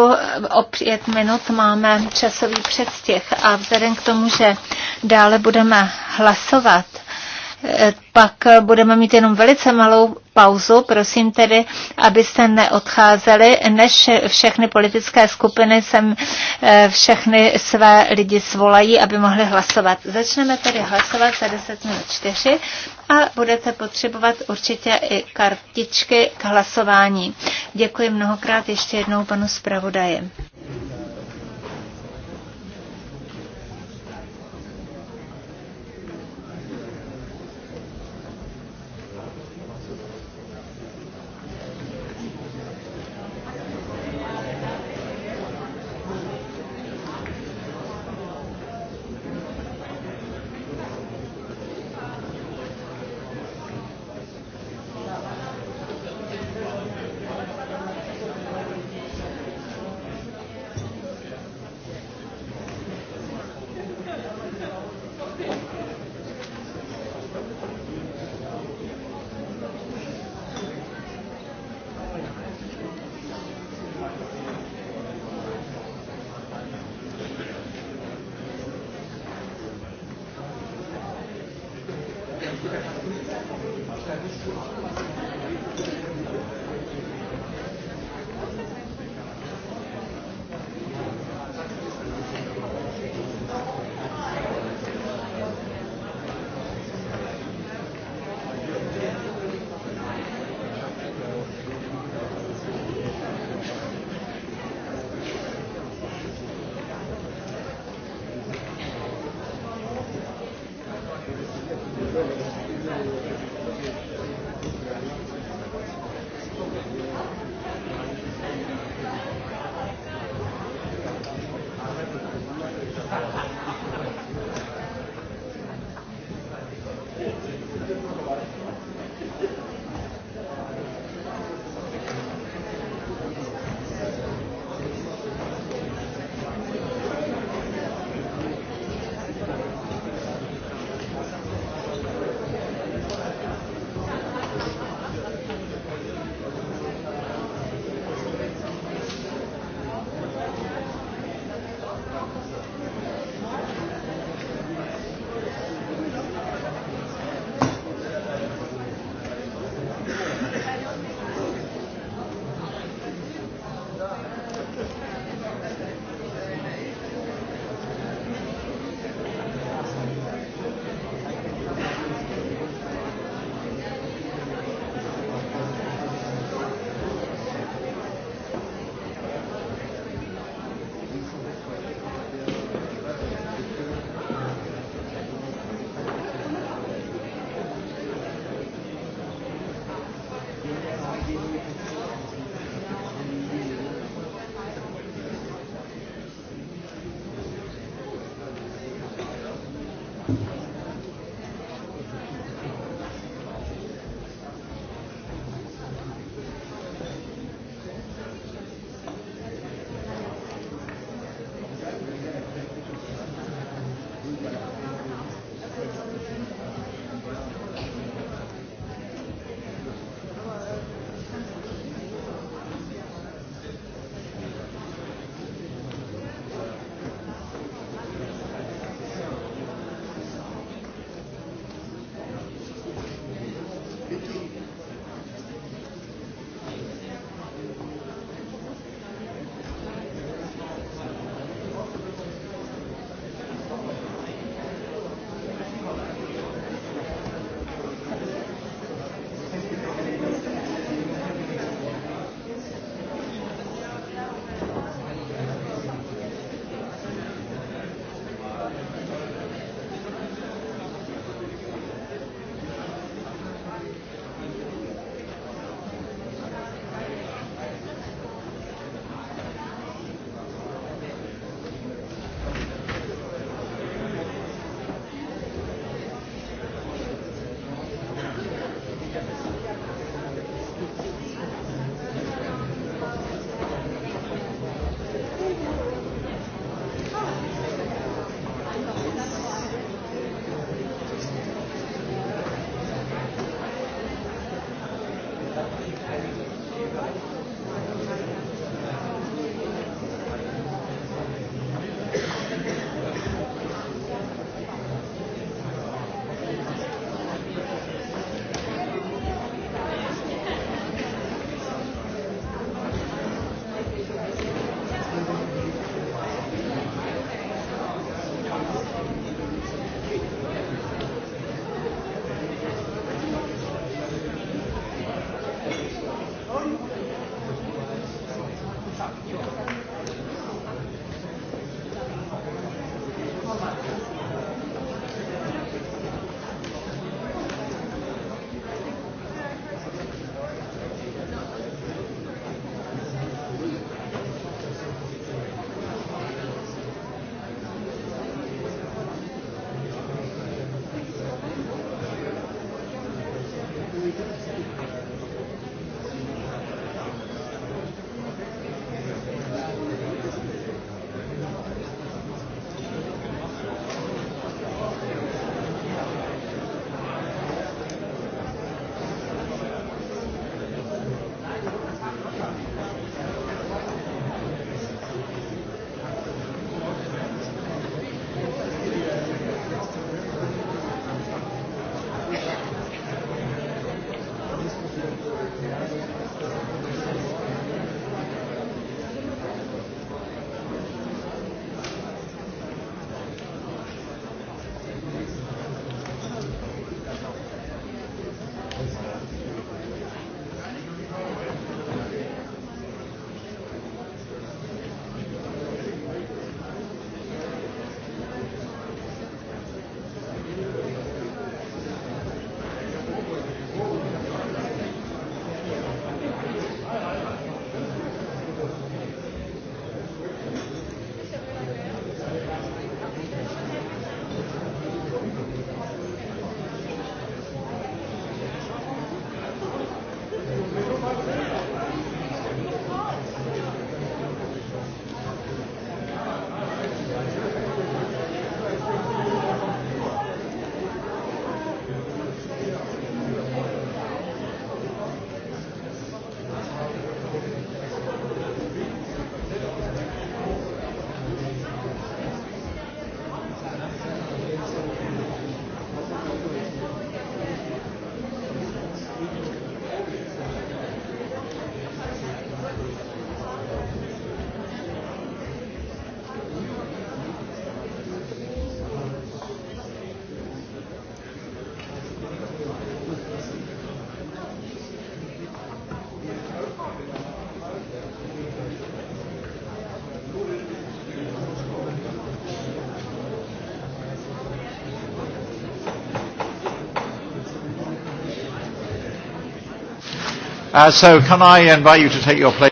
C: o pět minut máme časový předstih a vzhledem k tomu, že dále budeme hlasovat, pak budeme mít jenom velice malou pauzu. Prosím tedy, abyste neodcházeli, než všechny politické skupiny sem eh, všechny své lidi svolají, aby mohli hlasovat. Začneme tedy hlasovat za 10 minut 4 a budete potřebovat určitě i kartičky k hlasování. Děkuji mnohokrát ještě jednou panu zpravodaji.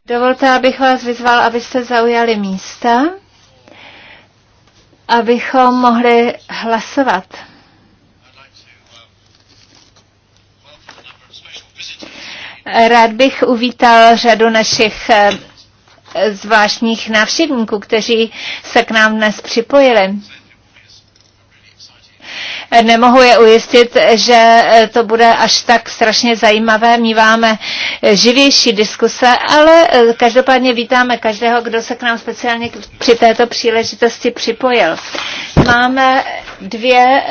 C: Dovolte, abych vás vyzval, abyste zaujali místa, abychom mohli hlasovat. Rád bych uvítal řadu našich eh, zvláštních návštěvníků, kteří se k nám dnes připojili nemohu je ujistit, že e, to bude až tak strašně zajímavé. Míváme e, živější diskuse, ale e, každopádně vítáme každého, kdo se k nám speciálně při této příležitosti připojil. Máme dvě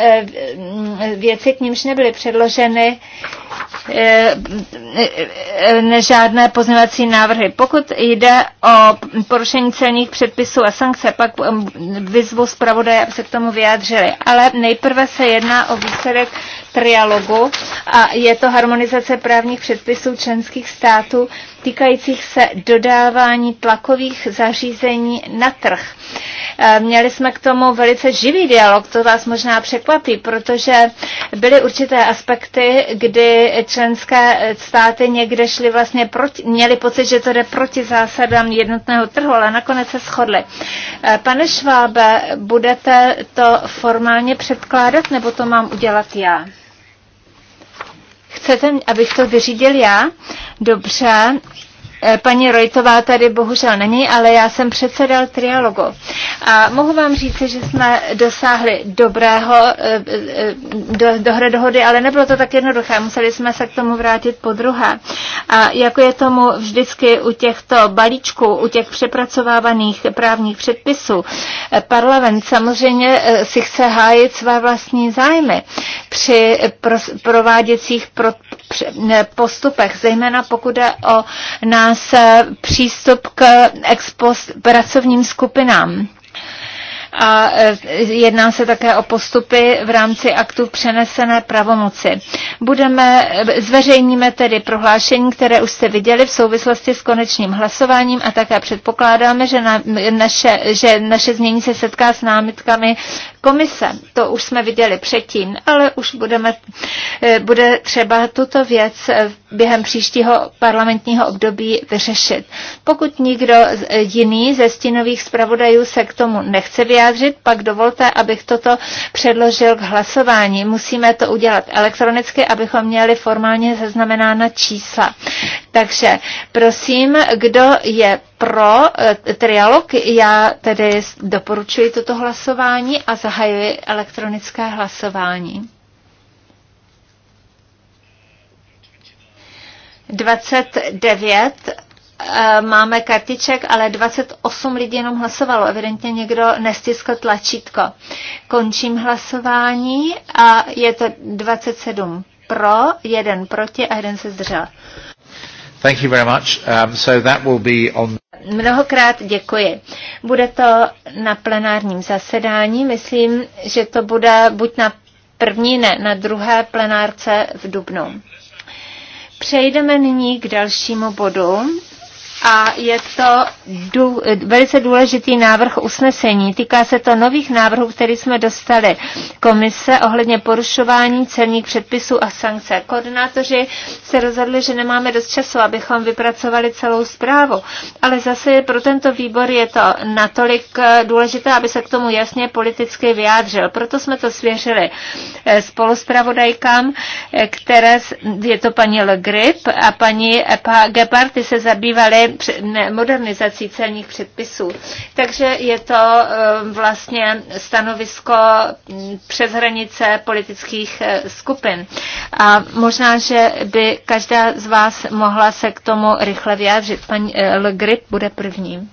C: věci, k nímž nebyly předloženy žádné pozměňovací návrhy. Pokud jde o porušení celních předpisů a sankce, pak vyzvu zpravodaje, aby se k tomu vyjádřili. Ale nejprve se jedná o výsledek trialogu a je to harmonizace právních předpisů členských států týkajících se dodávání tlakových zařízení na trh. Eh, měli jsme k tomu velice živý dialog, to vás možná překvapí, protože byly určité aspekty, kdy členské státy někde šly vlastně proti, měli pocit, že to jde proti zásadám jednotného trhu, ale nakonec se shodli. Eh, pane Švábe, budete to formálně předkládat, nebo to mám udělat já? Chcete, abych to vyřídil já? Dobře, Eh, paní Rojtová tady bohužel není, ale já jsem předsedal trialogu. A mohu vám říct, že jsme dosáhli dobrého eh, eh, do, dohry dohody, ale nebylo to tak jednoduché. Museli jsme se k tomu vrátit po druhé. A jako je tomu vždycky u těchto balíčků, u těch přepracovávaných právních předpisů, parlament samozřejmě si chce hájit své vlastní zájmy při prováděcích postupech, zejména pokud jde o nás nás eh, přístup k expo pracovním skupinám a eh, jedná se také o postupy v rámci aktu přenesené pravomoci. Budeme, eh, zveřejníme tedy prohlášení, které už jste viděli v souvislosti s konečným hlasováním a také předpokládáme, že, na, naše, že naše změní se setká s námitkami komise. To už jsme viděli předtím, ale už budeme, eh, bude třeba tuto věc eh, během příštího parlamentního období vyřešit. Pokud nikdo eh, jiný ze stínových zpravodajů se k tomu nechce vyjádřit, pak dovolte, abych toto předložil k hlasování. Musíme to udělat elektronicky, abychom měli formálně zaznamenána čísla. Takže prosím, kdo je pro eh, trialog, já tedy doporučuji toto hlasování a zahajuji elektronické hlasování. 29 eh, máme kartiček, ale 28 lidí jenom hlasovalo. Evidentně někdo nestiskl tlačítko. Končím hlasování a je to 27 pro, jeden proti a jeden se zdržel. Thank you very much. Um, so that will be on... Mnohokrát děkuji. Bude to na plenárním zasedání. Myslím, že to bude buď na první, ne, na druhé plenárce v Dubnu. Přejdeme nyní k dalšímu bodu a je to dů, velice důležitý návrh usnesení. Týká se to nových návrhů, které jsme dostali komise ohledně porušování celních předpisů a sankce. Koordinátoři se rozhodli, že nemáme dost času, abychom vypracovali celou zprávu, ale zase pro tento výbor je to natolik eh, důležité, aby se k tomu jasně politicky vyjádřil. Proto jsme to svěřili eh, spoluspravodajkám, eh, které je to paní Le Grip a paní Epa Gepard, se zabývaly modernizací celních předpisů. Takže je to eh, vlastně stanovisko mm, přes hranice politických eh, skupin. A možná, že by každá z vás mohla se k tomu rychle vyjádřit. Paní eh, Le Grip bude první.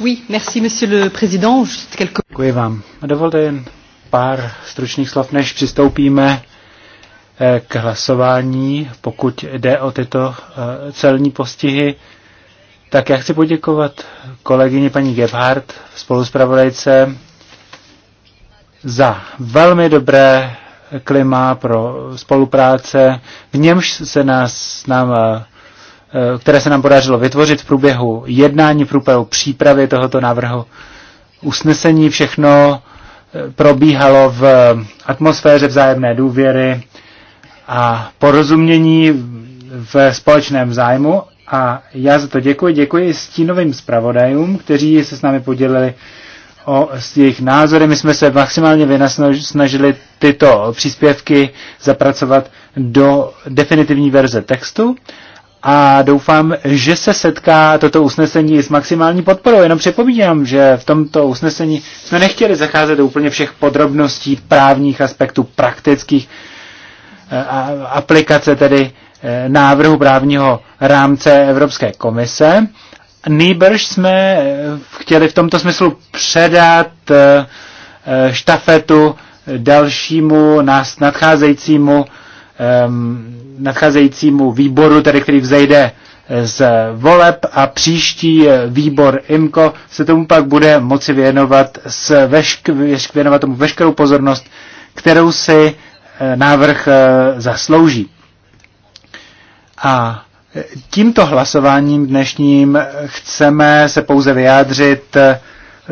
A: Oui, merci, monsieur le président. Quelques... Děkuji vám. A dovolte jen pár stručných slov, než přistoupíme k hlasování, pokud jde o tyto celní postihy. Tak já chci poděkovat kolegyni paní Gebhardt, spoluspravodajce, za velmi dobré klima pro spolupráce, v němž se nás, nám, eh, které se nám podařilo vytvořit v průběhu jednání, v průběhu přípravy tohoto návrhu usnesení. Všechno eh, probíhalo v atmosféře vzájemné důvěry a porozumění v společném zájmu a já za to děkuji. Děkuji stínovým zpravodajům, kteří se s námi podělili o jejich názory. My jsme se maximálně snažili tyto příspěvky zapracovat do definitivní verze textu a doufám, že se setká toto usnesení s maximální podporou. Jenom připomínám, že v tomto usnesení jsme nechtěli zacházet do úplně všech podrobností právních aspektů, praktických eh, a aplikace tedy Eh, návrhu právního rámce Evropské komise. Nýbrž jsme eh, chtěli v tomto smyslu předat eh, štafetu dalšímu nás nadcházejícímu, nadcházejícímu výboru, tedy který vzejde z voleb a příští výbor IMCO se tomu pak bude moci věnovat, s vešk, věnovat tomu veškerou pozornost, kterou si návrh zaslouží. A tímto hlasováním dnešním chceme se pouze vyjádřit eh,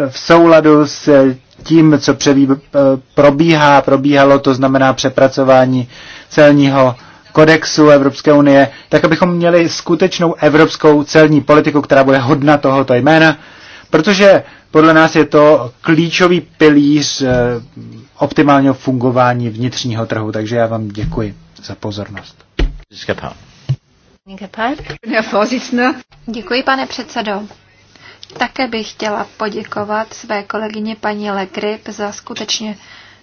A: v souladu s eh, tím, co eh, probíhá, probíhalo, to znamená přepracování celního kodexu Evropské unie, tak abychom měli skutečnou evropskou celní politiku, která bude hodna tohoto jména, protože podle nás je to klíčový pilíř optimálního fungování vnitřního trhu. Takže já vám děkuji za pozornost. Skepal.
B: Děkuji, pane předsedo. Také bych chtěla poděkovat své kolegyně paní Legrip za skutečně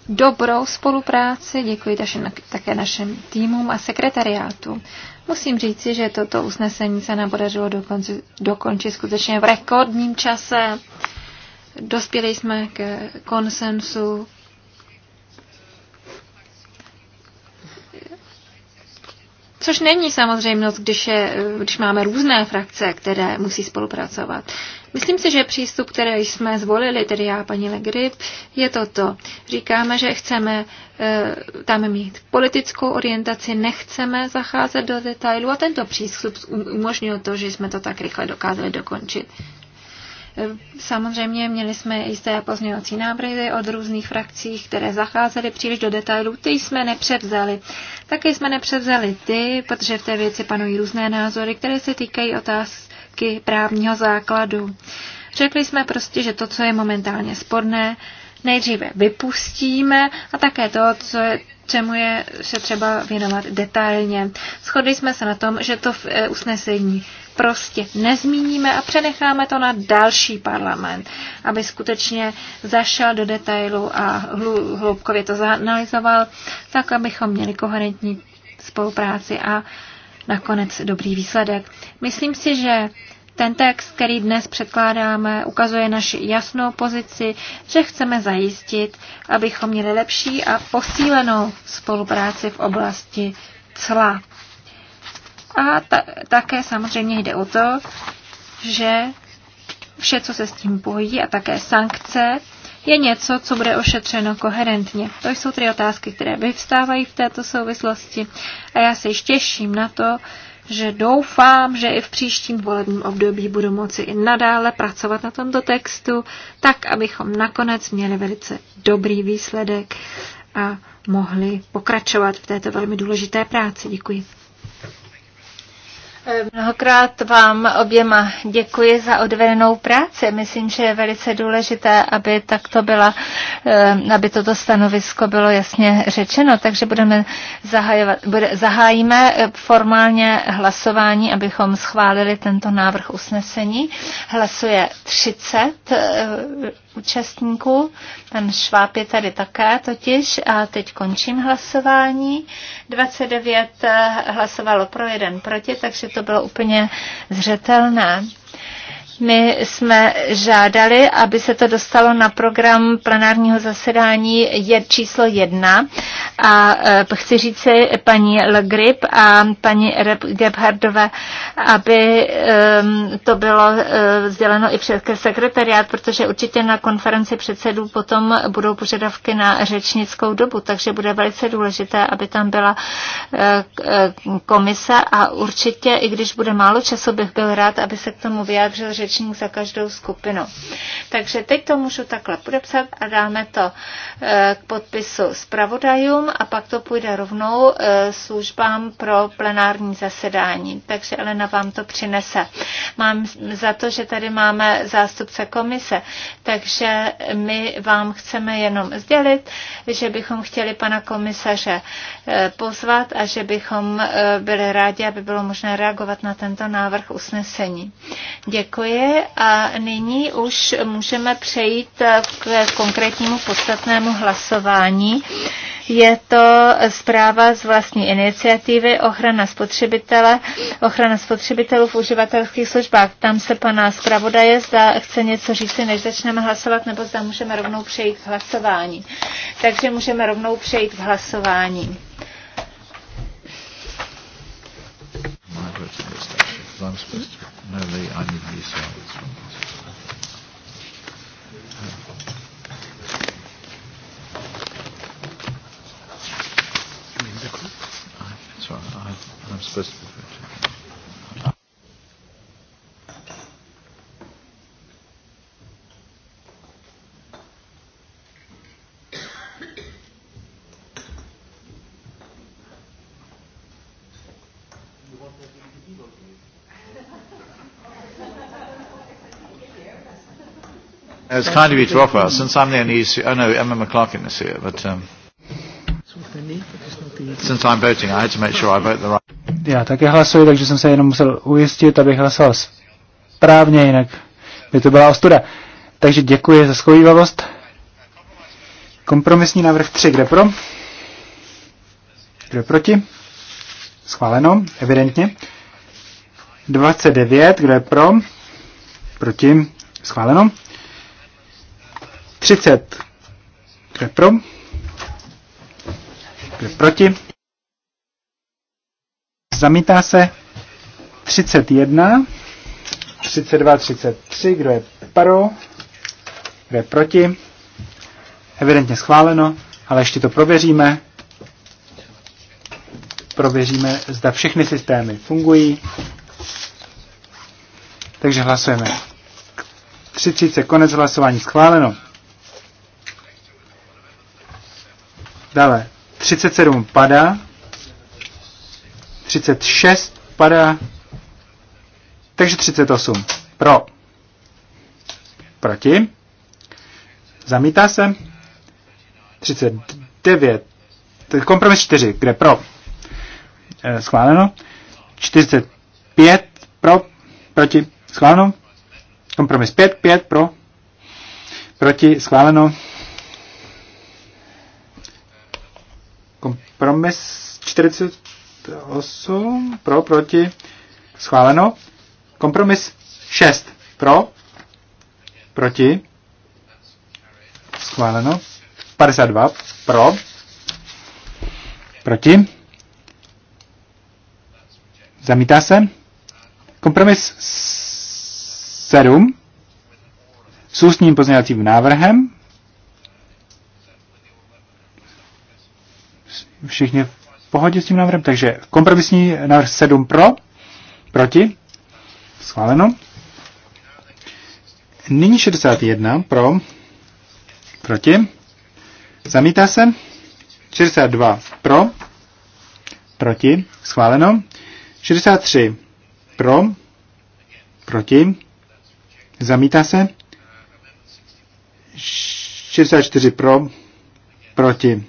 B: dobrou spolupráci. Děkuji také našim týmům a sekretariátu. Musím říci, že toto usnesení se nám podařilo dokončit, dokončit skutečně v rekordním čase. Dospěli jsme k konsensu Což není samozřejmost, když, je, když máme různé frakce, které musí spolupracovat. Myslím si, že přístup, který jsme zvolili, tedy já paní Legry, je toto. Říkáme, že chceme e, tam mít politickou orientaci, nechceme zacházet do detailů a tento přístup umožnil to, že jsme to tak rychle dokázali dokončit. Samozřejmě měli jsme jisté pozměňovací návrhy od různých frakcí, které zacházely příliš do detailů, ty jsme nepřevzali. Také jsme nepřevzali ty, protože v té věci panují různé názory, které se týkají otázky právního základu. Řekli jsme prostě, že to, co je momentálně sporné, nejdříve vypustíme a také to, co je, čemu je se třeba věnovat detailně. Shodli jsme se na tom, že to v eh, usnesení prostě nezmíníme a přenecháme to na další parlament, aby skutečně zašel do detailu a hloubkově to zanalizoval, tak abychom měli koherentní spolupráci a nakonec dobrý výsledek. Myslím si, že ten text, který dnes předkládáme, ukazuje naši jasnou pozici, že chceme zajistit, abychom měli lepší a posílenou spolupráci v oblasti cla. A ta, také samozřejmě jde o to, že vše, co se s tím pojí a také sankce, je něco, co bude ošetřeno koherentně. To jsou tři otázky, které vyvstávají v této souvislosti a já se již těším na to, že doufám, že i v příštím volebním období budu moci i nadále pracovat na tomto textu, tak abychom nakonec měli velice dobrý výsledek a mohli pokračovat v této velmi důležité práci. Děkuji.
C: Mnohokrát vám oběma děkuji za odvedenou práci. Myslím, že je velice důležité, aby takto byla, eh, aby toto stanovisko bylo jasně řečeno, takže budeme zahajovat, bude, zahájíme eh, formálně hlasování, abychom schválili tento návrh usnesení. Hlasuje 30 účastníků. Pan Šváb je tady také totiž a teď končím hlasování. 29 eh, hlasovalo pro, jeden proti, takže to bylo úplně zřetelné. My jsme žádali, aby se to dostalo na program plenárního zasedání je číslo jedna a eh, chci říct si paní Le Grip a paní Gebhardové, aby ehm, to bylo eh, sděleno i před sekretariát, protože určitě na konferenci předsedů potom budou požadavky na řečnickou dobu, takže bude velice důležité, aby tam byla eh, komise a určitě, i když bude málo času, bych byl rád, aby se k tomu vyjádřil řečnickou řečník za každou skupinu. Takže teď to můžu takhle podepsat a dáme to eh, k podpisu zpravodajům a pak to půjde rovnou eh, službám pro plenární zasedání. Takže Elena vám to přinese. Mám za to, že tady máme zástupce komise, takže my vám chceme jenom sdělit, že bychom chtěli pana komisaře eh, pozvat a že bychom byli rádi, aby bylo možné reagovat na tento návrh usnesení. Děkuji. Marie a nyní už můžeme přejít k konkrétnímu podstatnému hlasování. Je to zpráva z vlastní iniciativy ochrana spotřebitele, ochrana spotřebitelů v uživatelských službách. Tam se pana zpravodaje, zda chce něco říct než začneme hlasovat, nebo zda můžeme rovnou přejít k hlasování. Takže můžeme rovnou přejít k hlasování.
D: I'm No, ani I need these ones. I'm supposed to
B: Uh, it's kind of you to offer. Since I'm the only issue, oh no, Emma McClarkin is here, but um, since I'm voting, I had to make sure I vote the right.
A: Já také hlasuji, takže jsem se jenom musel ujistit, abych hlasoval správně, jinak by to byla ostuda. Takže děkuji za schovývavost. Kompromisní návrh 3, kde pro? Kde proti? Schváleno, evidentně. 29, kde pro? Proti? Schváleno. 30. Kdo je pro? Kdo je proti? Zamítá se 31, 32, 33. Kdo je pro? Kdo je proti? Evidentně schváleno, ale ještě to prověříme. Prověříme, zda všechny systémy fungují. Takže hlasujeme. 30 konec hlasování schváleno. Dále 37 padá, 36 padá, takže 38 pro, proti, zamítá se, 39, kompromis 4, kde pro, eh, schváleno, 45 pro, proti, schváleno, kompromis 5, 5 pro, proti, schváleno, Promis 48 pro, proti, schváleno. Kompromis 6 pro, proti, schváleno. 52 pro, proti, zamítá se. Kompromis 7 s ústním pozměňovacím návrhem všichni v pohodě s tím návrhem. Takže kompromisní návrh 7 pro, proti, schváleno. Nyní 61 pro, proti, zamítá se. 62 pro, proti, schváleno. 63 pro, proti, zamítá se. 64 pro, proti,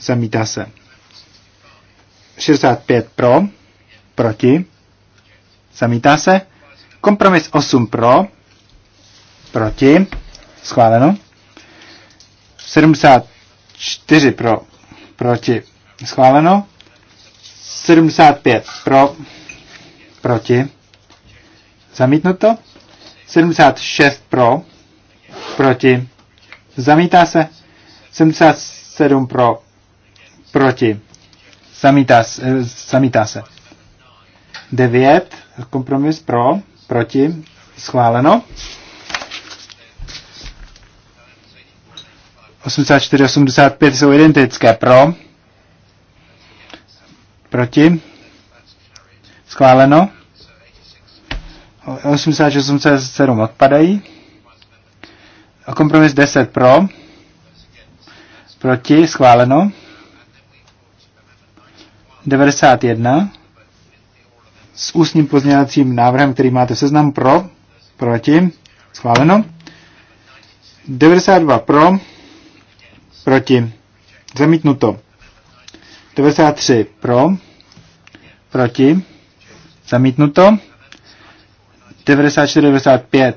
A: Zamítá se. 65 pro, proti, zamítá se. Kompromis 8 pro, proti, schváleno. 74 pro, proti, schváleno. 75 pro, proti, zamítnuto. 76 pro, proti, zamítá se. 77 pro, proti, zamítá, eh, Devět, kompromis pro, proti, schváleno. 84, 85 jsou identické pro, proti, schváleno. 86, 87 odpadají. Kompromis 10 pro, proti, schváleno. 91 s ústním pozměňovacím návrhem, který máte v seznam pro, proti, schváleno. 92 pro, proti, zamítnuto. 93 pro, proti, zamítnuto. 94-95.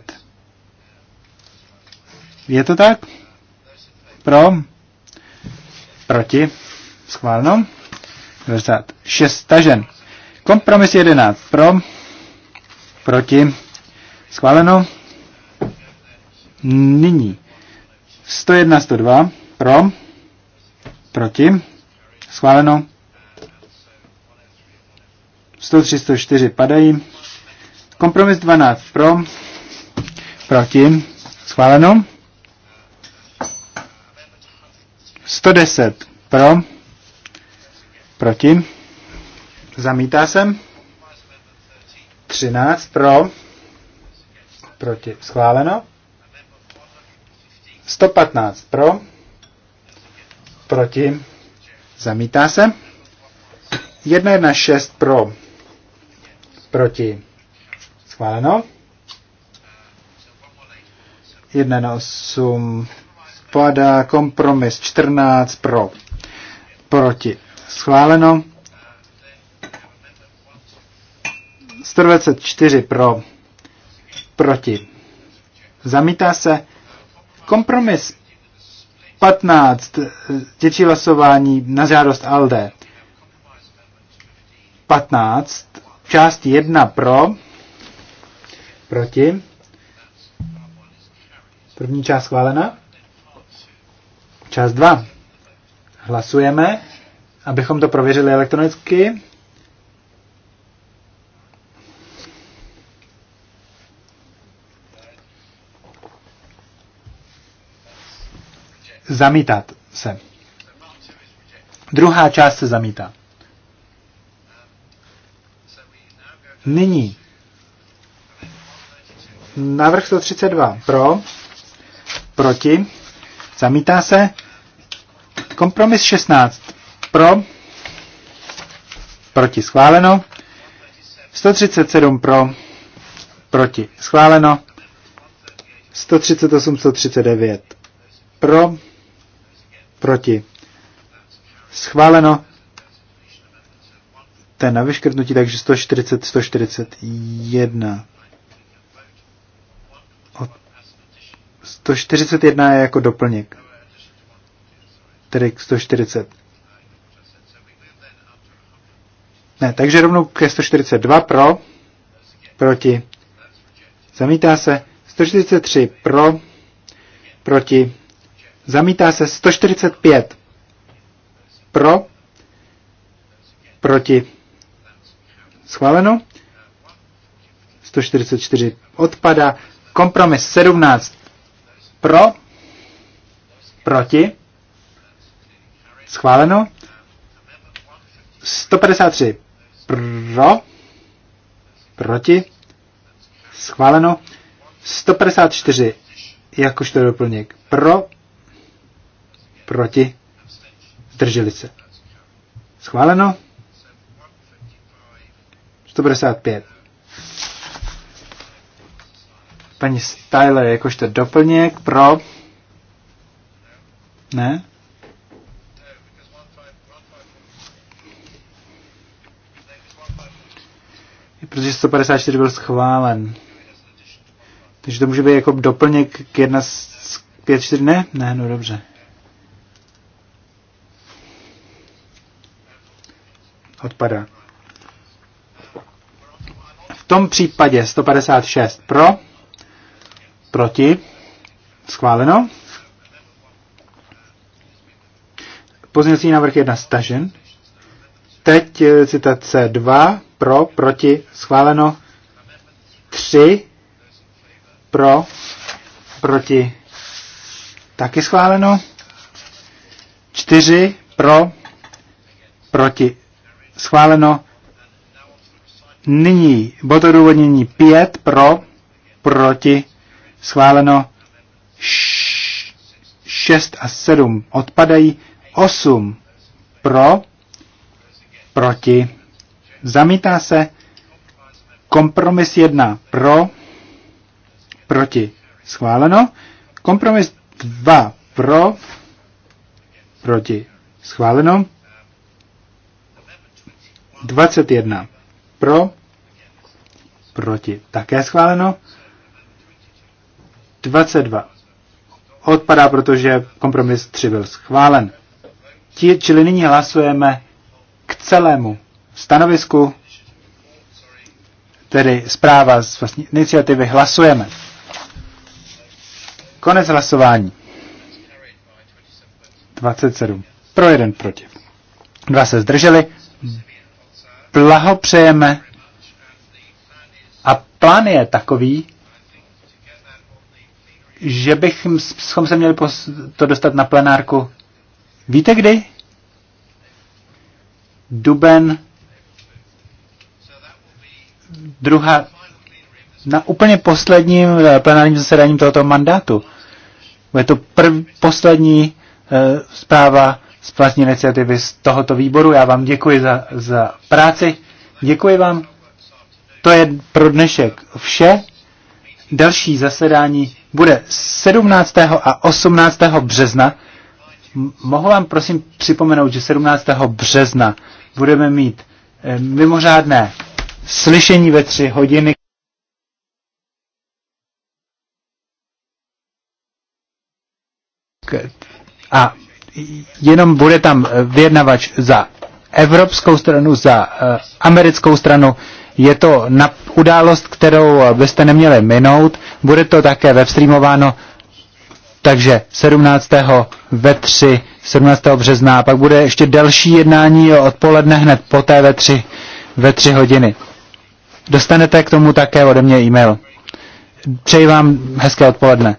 A: Je to tak? Pro, proti, schváleno. 96 stažen. Kompromis 11 pro, proti, schváleno. Nyní 101, 102 pro, proti, schváleno. 103, 104 padají. Kompromis 12 pro, proti, schváleno. 110 pro, Proti? Zamítá jsem. 13 pro. Proti. Schváleno. 115 pro. Proti. Zamítá se. 1 6 pro. Proti. Schváleno. 1 8 padá kompromis 14 pro. Proti. Schváleno. 124 pro. Proti. Zamítá se. Kompromis 15. Děčí hlasování na žádost ALDE. 15. Část 1 pro. Proti. První část schválena. Část 2. Hlasujeme abychom to prověřili elektronicky. Zamítat se. Druhá část se zamítá. Nyní návrh 132 pro, proti, zamítá se, kompromis 16 pro, proti schváleno, 137 pro, proti schváleno, 138, 139 pro, proti schváleno, je na vyškrtnutí, takže 140, 141. 141 je jako doplněk. Tedy 140. Ne, takže rovnou ke 142 pro, proti, zamítá se, 143 pro, proti, zamítá se, 145 pro, proti, schváleno, 144 odpada, kompromis 17 pro, proti, schváleno, 153 pro, proti, schváleno. 154 jakožto doplněk pro, proti, zdrželi se. Schváleno. 155. Paní Styler jakožto doplněk pro, ne, protože 154 byl schválen. Takže to může být jako doplněk k 1 5, 4, ne? Ne, no dobře. Odpadá. V tom případě 156 pro, proti, schváleno. Pozměňovací návrh 1 stažen. Teď eh, citace 2, pro, proti, schváleno. 3, pro, proti, taky schváleno. 4, pro, proti, schváleno. Nyní bod odůvodnění 5, pro, proti, schváleno. 6 a 7 odpadají. 8 pro, proti, zamítá se kompromis 1 pro, proti, schváleno, kompromis 2 pro, proti, schváleno, 21 pro, proti, také schváleno, 22 odpadá, protože kompromis 3 byl schválen. čili nyní hlasujeme k celému stanovisku, tedy zpráva z vlastní iniciativy, hlasujeme. Konec hlasování. 27. Pro jeden proti. Dva se zdrželi. Blahopřejeme. A plán je takový, že bychom se měli to dostat na plenárku. Víte kdy? duben, druhá, na úplně posledním eh, plenárním zasedáním tohoto mandátu. Bude to prv, poslední e, zpráva z vlastní iniciativy z tohoto výboru. Já vám děkuji za, za práci. Děkuji vám. To je pro dnešek vše. Další zasedání bude 17. a 18. března. Mohu vám prosím připomenout, že 17. března budeme mít eh, mimořádné slyšení ve tři hodiny. A jenom bude tam eh, vyjednavač za evropskou stranu, za eh, americkou stranu. Je to na událost, kterou byste neměli minout. Bude to také webstreamováno takže 17. ve 3, 17. března, pak bude ještě další jednání o odpoledne hned poté ve 3, ve 3 hodiny. Dostanete k tomu také ode mě e-mail. Přeji vám hezké odpoledne.